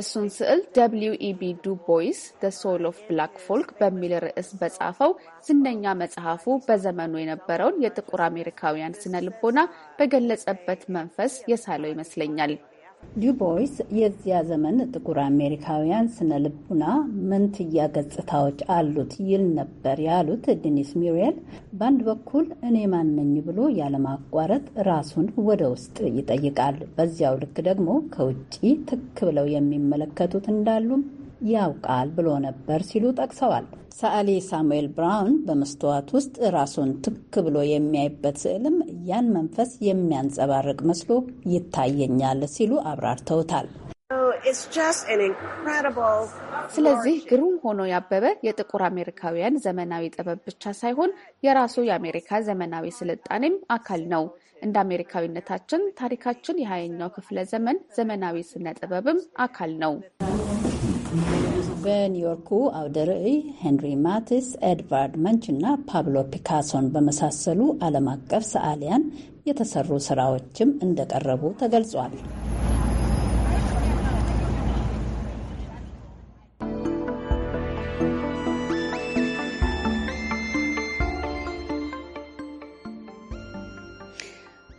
እሱን ስዕል ደብሊው ኢቢ ዱ ቦይስ ደ ሶል ኦፍ ብላክ ፎልክ በሚል ርዕስ በጻፈው ዝነኛ መጽሐፉ በዘመኑ የነበረውን የጥቁር አሜሪካውያን ስነ ልቦና በገለጸበት መንፈስ የሳለው ይመስለኛል። ዲቦይስ የዚያ ዘመን ጥቁር አሜሪካውያን ስነ ልቡና መንትያ ገጽታዎች አሉት ይል ነበር ያሉት ዲኒስ ሚሪል በአንድ በኩል እኔ ማነኝ ብሎ ያለማቋረጥ ራሱን ወደ ውስጥ ይጠይቃል። በዚያው ልክ ደግሞ ከውጭ ትክ ብለው የሚመለከቱት እንዳሉም ያውቃል ብሎ ነበር ሲሉ ጠቅሰዋል። ሰዓሊ ሳሙኤል ብራውን በመስተዋት ውስጥ ራሱን ትክ ብሎ የሚያይበት ስዕልም ያን መንፈስ የሚያንጸባርቅ መስሎ ይታየኛል ሲሉ አብራርተውታል። ስለዚህ ግሩም ሆኖ ያበበ የጥቁር አሜሪካውያን ዘመናዊ ጥበብ ብቻ ሳይሆን የራሱ የአሜሪካ ዘመናዊ ስልጣኔም አካል ነው። እንደ አሜሪካዊነታችን ታሪካችን የሃያኛው ክፍለ ዘመን ዘመናዊ ስነ ጥበብም አካል ነው። በኒውዮርኩ አውደ ርዕይ ሄንሪ ማቲስ፣ ኤድቫርድ መንች እና ፓብሎ ፒካሶን በመሳሰሉ ዓለም አቀፍ ሰዓሊያን የተሰሩ ስራዎችም እንደቀረቡ ተገልጿል።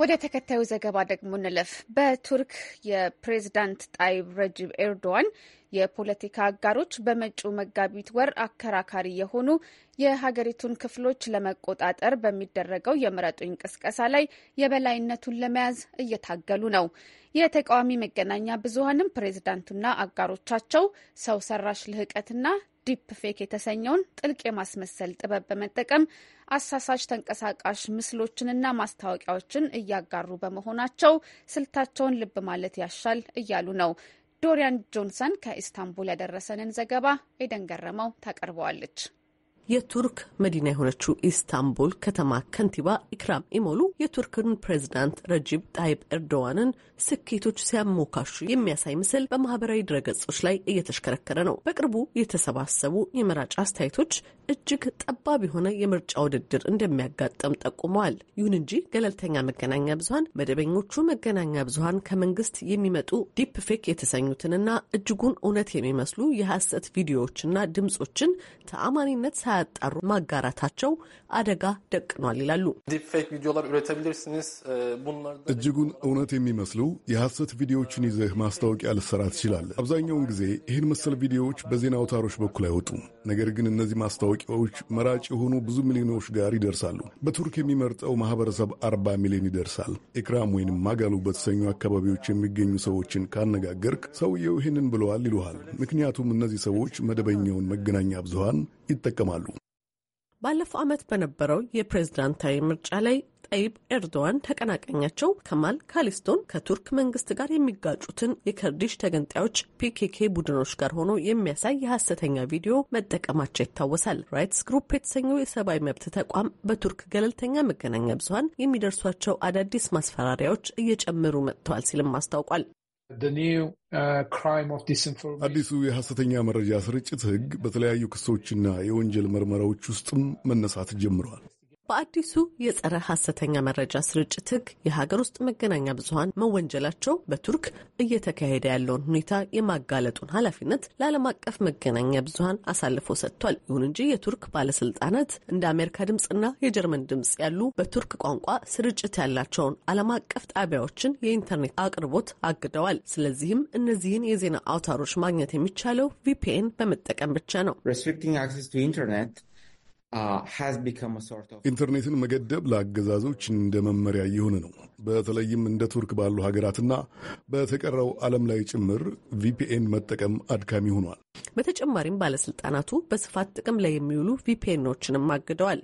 ወደ ተከታዩ ዘገባ ደግሞ እንለፍ። በቱርክ የፕሬዝዳንት ጣይብ ረጅብ ኤርዶዋን የፖለቲካ አጋሮች በመጪው መጋቢት ወር አከራካሪ የሆኑ የሀገሪቱን ክፍሎች ለመቆጣጠር በሚደረገው የምረጡኝ ቅስቀሳ ላይ የበላይነቱን ለመያዝ እየታገሉ ነው። የተቃዋሚ መገናኛ ብዙሀንም ፕሬዝዳንቱና አጋሮቻቸው ሰው ሰራሽ ልህቀትና ዲፕ ፌክ የተሰኘውን ጥልቅ የማስመሰል ጥበብ በመጠቀም አሳሳች ተንቀሳቃሽ ምስሎችንና ማስታወቂያዎችን እያጋሩ በመሆናቸው ስልታቸውን ልብ ማለት ያሻል እያሉ ነው። ዶሪያን ጆንሰን ከኢስታንቡል ያደረሰንን ዘገባ ኤደን ገረመው ታቀርበዋለች። የቱርክ መዲና የሆነችው ኢስታንቡል ከተማ ከንቲባ ኢክራም ኢሞሉ የቱርክን ፕሬዚዳንት ረጂብ ጣይብ ኤርዶዋንን ስኬቶች ሲያሞካሹ የሚያሳይ ምስል በማህበራዊ ድረገጾች ላይ እየተሽከረከረ ነው። በቅርቡ የተሰባሰቡ የመራጭ አስተያየቶች እጅግ ጠባብ የሆነ የምርጫ ውድድር እንደሚያጋጥም ጠቁመዋል። ይሁን እንጂ ገለልተኛ መገናኛ ብዙኃን መደበኞቹ መገናኛ ብዙኃን ከመንግስት የሚመጡ ዲፕ ፌክ የተሰኙትንና እጅጉን እውነት የሚመስሉ የሐሰት ቪዲዮዎችና ድምጾችን ተአማኒነት ሳያ ሳያጣሩ ማጋራታቸው አደጋ ደቅኗል ይላሉ። እጅጉን እውነት የሚመስሉ የሐሰት ቪዲዮዎችን ይዘህ ማስታወቂያ ልሰራ ትችላለህ። አብዛኛውን ጊዜ ይህን መሰል ቪዲዮዎች በዜና አውታሮች በኩል አይወጡም። ነገር ግን እነዚህ ማስታወቂያዎች መራጭ የሆኑ ብዙ ሚሊዮኖች ጋር ይደርሳሉ። በቱርክ የሚመርጠው ማህበረሰብ 40 ሚሊዮን ይደርሳል። ኤክራም ወይንም ማጋሉ በተሰኙ አካባቢዎች የሚገኙ ሰዎችን ካነጋገርክ ሰውየው ይህንን ብለዋል ይሉሃል። ምክንያቱም እነዚህ ሰዎች መደበኛውን መገናኛ ብዙሃን ይጠቀማሉ። ባለፈው ዓመት በነበረው የፕሬዝዳንታዊ ምርጫ ላይ ጠይብ ኤርዶዋን ተቀናቃኛቸው ከማል ካሊስቶን ከቱርክ መንግስት ጋር የሚጋጩትን የከርዲሽ ተገንጣዮች ፒኬኬ ቡድኖች ጋር ሆኖ የሚያሳይ የሐሰተኛ ቪዲዮ መጠቀማቸው ይታወሳል። ራይትስ ግሩፕ የተሰኘው የሰብአዊ መብት ተቋም በቱርክ ገለልተኛ መገናኛ ብዙኃን የሚደርሷቸው አዳዲስ ማስፈራሪያዎች እየጨመሩ መጥተዋል ሲልም አስታውቋል። Uh, አዲሱ የሐሰተኛ መረጃ ስርጭት ሕግ በተለያዩ ክሶችና የወንጀል ምርመራዎች ውስጥም መነሳት ጀምረዋል። በአዲሱ የጸረ ሐሰተኛ መረጃ ስርጭት ህግ የሀገር ውስጥ መገናኛ ብዙሀን መወንጀላቸው በቱርክ እየተካሄደ ያለውን ሁኔታ የማጋለጡን ኃላፊነት ለዓለም አቀፍ መገናኛ ብዙሀን አሳልፎ ሰጥቷል። ይሁን እንጂ የቱርክ ባለስልጣናት እንደ አሜሪካ ድምፅና የጀርመን ድምፅ ያሉ በቱርክ ቋንቋ ስርጭት ያላቸውን ዓለም አቀፍ ጣቢያዎችን የኢንተርኔት አቅርቦት አግደዋል። ስለዚህም እነዚህን የዜና አውታሮች ማግኘት የሚቻለው ቪፒኤን በመጠቀም ብቻ ነው። Uh, ኢንተርኔትን መገደብ ለአገዛዞች እንደ መመሪያ እየሆነ ነው። በተለይም እንደ ቱርክ ባሉ ሀገራትና በተቀረው ዓለም ላይ ጭምር ቪፒኤን መጠቀም አድካሚ ሆኗል። በተጨማሪም ባለስልጣናቱ በስፋት ጥቅም ላይ የሚውሉ ቪፒኤኖችንም አግደዋል።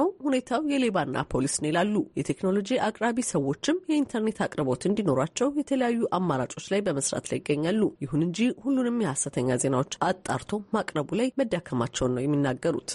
ነው። ሁኔታው የሌባና ፖሊስ ነው ይላሉ። የቴክኖሎጂ አቅራቢ ሰዎችም የኢንተርኔት አቅርቦት እንዲኖራቸው የተለያዩ አማራጮች ላይ በመስራት ላይ ይገኛሉ። ይሁን እንጂ ሁሉንም የሐሰተኛ ዜናዎች አጣርቶ ማቅረቡ ላይ መዳከማቸውን ነው የሚናገሩት።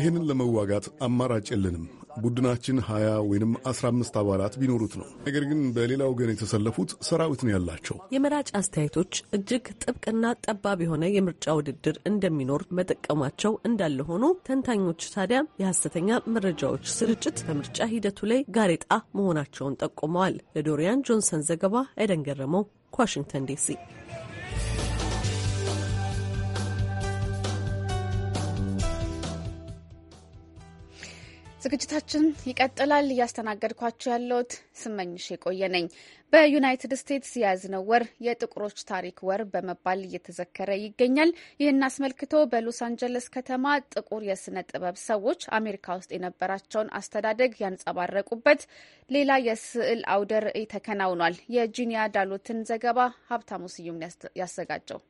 ይህንን ለመዋጋት አማራጭ የለንም። ቡድናችን 20 ወይም 15 አባላት ቢኖሩት ነው። ነገር ግን በሌላ ወገን የተሰለፉት ሰራዊት ነው ያላቸው። የመራጭ አስተያየቶች እጅግ ጥብቅና ጠባብ የሆነ የምርጫ ውድድር እንደሚኖር መጠቀማቸው እንዳለ ሆኖ ተንታኞች ታዲያ የሐሰተኛ መረጃዎች ስርጭት በምርጫ ሂደቱ ላይ ጋሬጣ መሆናቸውን ጠቁመዋል። ለዶሪያን ጆንሰን ዘገባ ኤደን ገረመው ከዋሽንግተን ዲሲ ዝግጅታችን ይቀጥላል። እያስተናገድኳችሁ ያለሁት ስመኝሽ የቆየ ነኝ። በዩናይትድ ስቴትስ የያዝነው ወር የጥቁሮች ታሪክ ወር በመባል እየተዘከረ ይገኛል። ይህን አስመልክቶ በሎስ አንጀለስ ከተማ ጥቁር የስነ ጥበብ ሰዎች አሜሪካ ውስጥ የነበራቸውን አስተዳደግ ያንጸባረቁበት ሌላ የስዕል አውደ ርዕይ ተከናውኗል። የጂኒያ ዳሎትን ዘገባ ሀብታሙ ስዩም ያዘጋጀው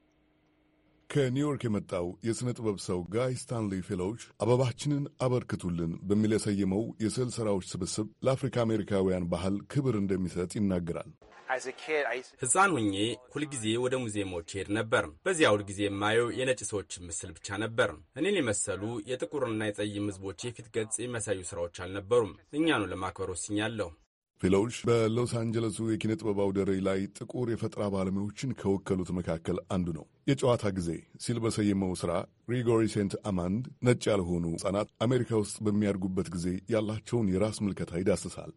ከኒውዮርክ የመጣው የሥነ ጥበብ ሰው ጋይ ስታንሊ ፌሎች አበባችንን አበርክቱልን በሚል የሰየመው የስዕል ሥራዎች ስብስብ ለአፍሪካ አሜሪካውያን ባህል ክብር እንደሚሰጥ ይናገራል። ሕፃን ሁኜ ሁልጊዜ ወደ ሙዚየሞች ሄድ ነበር። በዚያ ሁልጊዜ የማየው የነጭ ሰዎች ምስል ብቻ ነበር። እኔን የመሰሉ የጥቁርና የጸይም ሕዝቦች የፊት ገጽ የሚያሳዩ ሥራዎች አልነበሩም። እኛኑ ለማክበር ወስኛለሁ። ፊሎች በሎስ አንጀለሱ የኪነ ጥበብ አውደ ርዕይ ላይ ጥቁር የፈጠራ ባለሙያዎችን ከወከሉት መካከል አንዱ ነው። የጨዋታ ጊዜ ሲል በሰየመው ስራ ግሪጎሪ ሴንት አማንድ ነጭ ያልሆኑ ህጻናት አሜሪካ ውስጥ በሚያድጉበት ጊዜ ያላቸውን የራስ ምልከታ ይዳስሳል።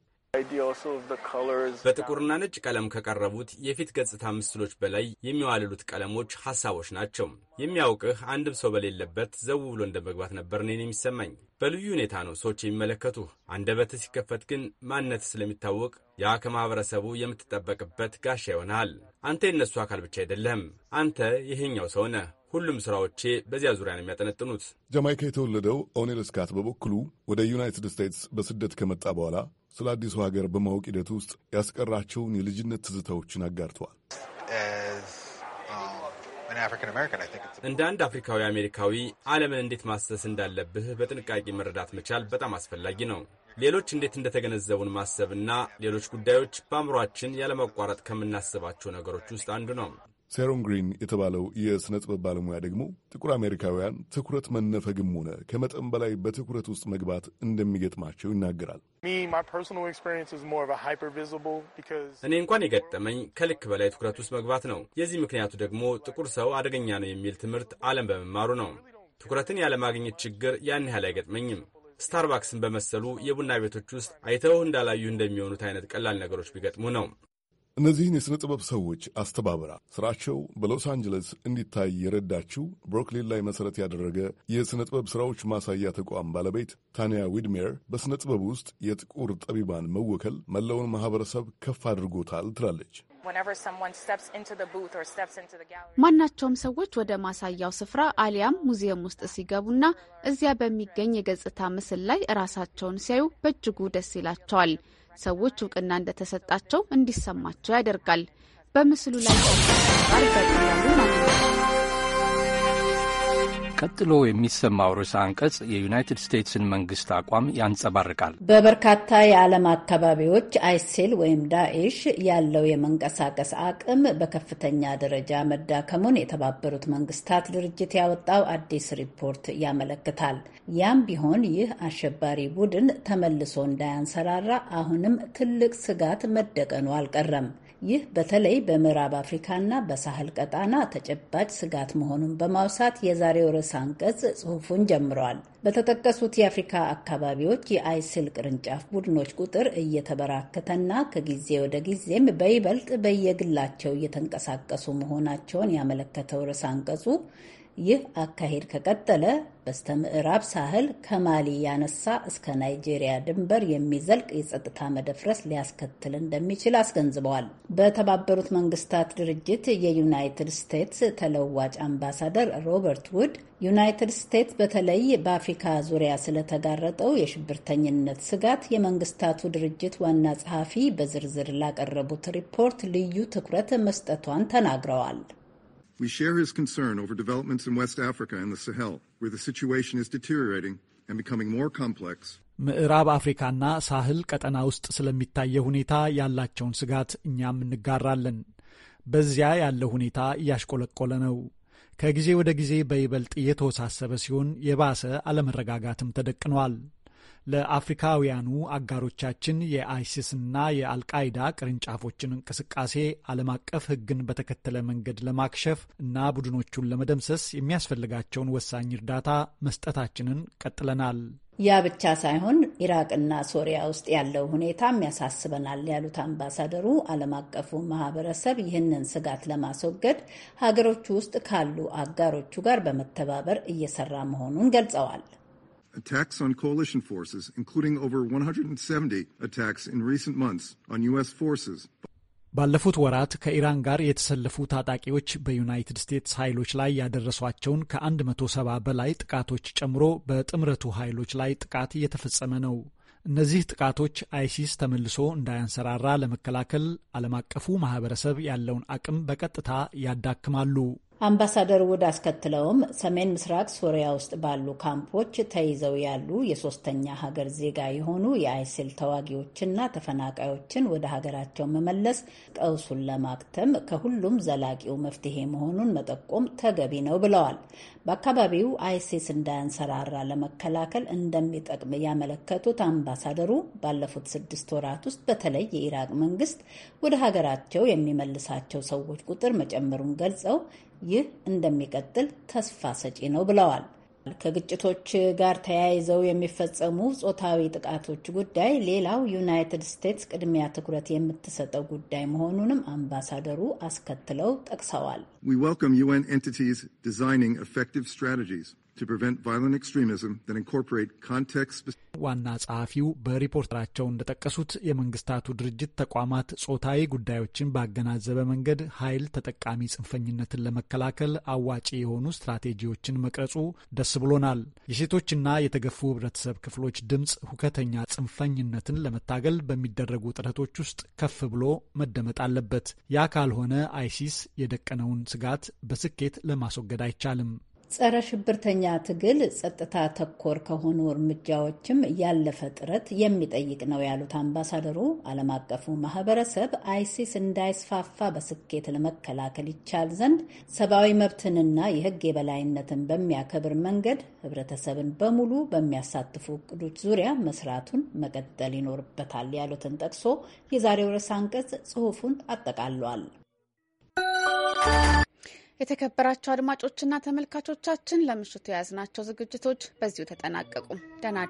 በጥቁርና ነጭ ቀለም ከቀረቡት የፊት ገጽታ ምስሎች በላይ የሚዋልሉት ቀለሞች ሀሳቦች ናቸው። የሚያውቅህ አንድም ሰው በሌለበት ዘው ብሎ እንደ መግባት ነበር እኔን የሚሰማኝ። በልዩ ሁኔታ ነው ሰዎች የሚመለከቱህ። አንደበትህ ሲከፈት ግን ማንነት ስለሚታወቅ ያ ከማህበረሰቡ የምትጠበቅበት ጋሻ ይሆናል። አንተ የነሱ አካል ብቻ አይደለህም። አንተ ይሄኛው ሰው ነህ። ሁሉም ስራዎቼ በዚያ ዙሪያ ነው የሚያጠነጥኑት። ጃማይካ የተወለደው ኦኔል ስካት በበኩሉ ወደ ዩናይትድ ስቴትስ በስደት ከመጣ በኋላ ስለ አዲሱ ሀገር በማወቅ ሂደት ውስጥ ያስቀራቸውን የልጅነት ትዝታዎችን አጋርተዋል። um, እንደ አንድ አፍሪካዊ አሜሪካዊ ዓለምን እንዴት ማሰስ እንዳለብህ በጥንቃቄ መረዳት መቻል በጣም አስፈላጊ ነው። ሌሎች እንዴት እንደተገነዘቡን ማሰብና ሌሎች ጉዳዮች በአእምሯችን ያለማቋረጥ ከምናስባቸው ነገሮች ውስጥ አንዱ ነው። ሴሮን ግሪን የተባለው የሥነ ጥበብ ባለሙያ ደግሞ ጥቁር አሜሪካውያን ትኩረት መነፈግም ሆነ ከመጠን በላይ በትኩረት ውስጥ መግባት እንደሚገጥማቸው ይናገራል። እኔ እንኳን የገጠመኝ ከልክ በላይ ትኩረት ውስጥ መግባት ነው። የዚህ ምክንያቱ ደግሞ ጥቁር ሰው አደገኛ ነው የሚል ትምህርት ዓለም በመማሩ ነው። ትኩረትን ያለማግኘት ችግር ያን ያህል አይገጥመኝም። ስታርባክስን በመሰሉ የቡና ቤቶች ውስጥ አይተው እንዳላዩ እንደሚሆኑት አይነት ቀላል ነገሮች ቢገጥሙ ነው። እነዚህን የሥነ ጥበብ ሰዎች አስተባብራ ስራቸው በሎስ አንጀለስ እንዲታይ የረዳችው ብሮክሊን ላይ መሠረት ያደረገ የሥነ ጥበብ ሥራዎች ማሳያ ተቋም ባለቤት ታንያ ዊድሜር በሥነ ጥበብ ውስጥ የጥቁር ጠቢባን መወከል መላውን ማኅበረሰብ ከፍ አድርጎታል ትላለች። ማናቸውም ሰዎች ወደ ማሳያው ስፍራ አሊያም ሙዚየም ውስጥ ሲገቡና እዚያ በሚገኝ የገጽታ ምስል ላይ ራሳቸውን ሲያዩ በእጅጉ ደስ ይላቸዋል። ሰዎች እውቅና እንደተሰጣቸው እንዲሰማቸው ያደርጋል። በምስሉ ላይ ጋር ነው። ቀጥሎ የሚሰማው ርዕሰ አንቀጽ የዩናይትድ ስቴትስን መንግስት አቋም ያንጸባርቃል። በበርካታ የዓለም አካባቢዎች አይሴል ወይም ዳኤሽ ያለው የመንቀሳቀስ አቅም በከፍተኛ ደረጃ መዳከሙን የተባበሩት መንግስታት ድርጅት ያወጣው አዲስ ሪፖርት ያመለክታል። ያም ቢሆን ይህ አሸባሪ ቡድን ተመልሶ እንዳያንሰራራ አሁንም ትልቅ ስጋት መደቀኑ አልቀረም። ይህ በተለይ በምዕራብ አፍሪካና በሳህል ቀጣና ተጨባጭ ስጋት መሆኑን በማውሳት የዛሬው ርዕሰ አንቀጽ ጽሑፉን ጀምረዋል። በተጠቀሱት የአፍሪካ አካባቢዎች የአይስል ቅርንጫፍ ቡድኖች ቁጥር እየተበራከተና ከጊዜ ወደ ጊዜም በይበልጥ በየግላቸው እየተንቀሳቀሱ መሆናቸውን ያመለከተው ርዕስ አንቀጹ ይህ አካሄድ ከቀጠለ በስተ ምዕራብ ሳህል ከማሊ ያነሳ እስከ ናይጄሪያ ድንበር የሚዘልቅ የጸጥታ መደፍረስ ሊያስከትል እንደሚችል አስገንዝበዋል። በተባበሩት መንግስታት ድርጅት የዩናይትድ ስቴትስ ተለዋጭ አምባሳደር ሮበርት ውድ ዩናይትድ ስቴትስ በተለይ በአፍሪካ ዙሪያ ስለተጋረጠው የሽብርተኝነት ስጋት የመንግስታቱ ድርጅት ዋና ጸሐፊ በዝርዝር ላቀረቡት ሪፖርት ልዩ ትኩረት መስጠቷን ተናግረዋል። We share his concern over developments in West Africa and the Sahel, where the situation is deteriorating and becoming more complex. ምዕራብ አፍሪካና ሳህል ቀጠና ውስጥ ስለሚታየ ሁኔታ ያላቸውን ስጋት እኛም እንጋራለን። በዚያ ያለው ሁኔታ እያሽቆለቆለ ነው። ከጊዜ ወደ ጊዜ በይበልጥ እየተወሳሰበ ሲሆን የባሰ አለመረጋጋትም ተደቅኗል። ለአፍሪካውያኑ አጋሮቻችን የአይሲስና የአልቃይዳ ቅርንጫፎችን እንቅስቃሴ ዓለም አቀፍ ሕግን በተከተለ መንገድ ለማክሸፍ እና ቡድኖቹን ለመደምሰስ የሚያስፈልጋቸውን ወሳኝ እርዳታ መስጠታችንን ቀጥለናል። ያ ብቻ ሳይሆን ኢራቅና ሶሪያ ውስጥ ያለው ሁኔታም ያሳስበናል ያሉት አምባሳደሩ ዓለም አቀፉ ማህበረሰብ ይህንን ስጋት ለማስወገድ ሀገሮቹ ውስጥ ካሉ አጋሮቹ ጋር በመተባበር እየሰራ መሆኑን ገልጸዋል። attacks on coalition forces, including over 170 attacks in recent months on U.S. forces. ባለፉት ወራት ከኢራን ጋር የተሰለፉ ታጣቂዎች በዩናይትድ ስቴትስ ኃይሎች ላይ ያደረሷቸውን ከ170 በላይ ጥቃቶች ጨምሮ በጥምረቱ ኃይሎች ላይ ጥቃት እየተፈጸመ ነው። እነዚህ ጥቃቶች አይሲስ ተመልሶ እንዳያንሰራራ ለመከላከል ዓለም አቀፉ ማህበረሰብ ያለውን አቅም በቀጥታ ያዳክማሉ። አምባሳደር ውድ አስከትለውም ሰሜን ምስራቅ ሶሪያ ውስጥ ባሉ ካምፖች ተይዘው ያሉ የሶስተኛ ሀገር ዜጋ የሆኑ የአይሲል ተዋጊዎችና ተፈናቃዮችን ወደ ሀገራቸው መመለስ ቀውሱን ለማክተም ከሁሉም ዘላቂው መፍትሄ መሆኑን መጠቆም ተገቢ ነው ብለዋል። በአካባቢው አይሲስ እንዳያንሰራራ ለመከላከል እንደሚጠቅም ያመለከቱት አምባሳደሩ ባለፉት ስድስት ወራት ውስጥ በተለይ የኢራቅ መንግስት ወደ ሀገራቸው የሚመልሳቸው ሰዎች ቁጥር መጨመሩን ገልጸው ይህ እንደሚቀጥል ተስፋ ሰጪ ነው ብለዋል። ከግጭቶች ጋር ተያይዘው የሚፈጸሙ ጾታዊ ጥቃቶች ጉዳይ ሌላው ዩናይትድ ስቴትስ ቅድሚያ ትኩረት የምትሰጠው ጉዳይ መሆኑንም አምባሳደሩ አስከትለው ጠቅሰዋል። ዋና ጸሐፊው በሪፖርተራቸው እንደጠቀሱት የመንግስታቱ ድርጅት ተቋማት ጾታዊ ጉዳዮችን ባገናዘበ መንገድ ኃይል ተጠቃሚ ጽንፈኝነትን ለመከላከል አዋጪ የሆኑ ስትራቴጂዎችን መቅረጹ ደስ ብሎናል። የሴቶችና የተገፉ ህብረተሰብ ክፍሎች ድምፅ ሁከተኛ ጽንፈኝነትን ለመታገል በሚደረጉ ጥረቶች ውስጥ ከፍ ብሎ መደመጥ አለበት። ያ ካልሆነ አይሲስ የደቀነውን ስጋት በስኬት ለማስወገድ አይቻልም። ጸረ ሽብርተኛ ትግል ጸጥታ ተኮር ከሆኑ እርምጃዎችም ያለፈ ጥረት የሚጠይቅ ነው ያሉት አምባሳደሩ ዓለም አቀፉ ማህበረሰብ አይሲስ እንዳይስፋፋ በስኬት ለመከላከል ይቻል ዘንድ ሰብአዊ መብትንና የሕግ የበላይነትን በሚያከብር መንገድ ህብረተሰብን በሙሉ በሚያሳትፉ እቅዶች ዙሪያ መስራቱን መቀጠል ይኖርበታል ያሉትን ጠቅሶ የዛሬው ርዕሰ አንቀጽ ጽሑፉን አጠቃሏል። የተከበራቸው አድማጮችና ተመልካቾቻችን ለምሽቱ የያዝናቸው ዝግጅቶች በዚሁ ተጠናቀቁ። ደህና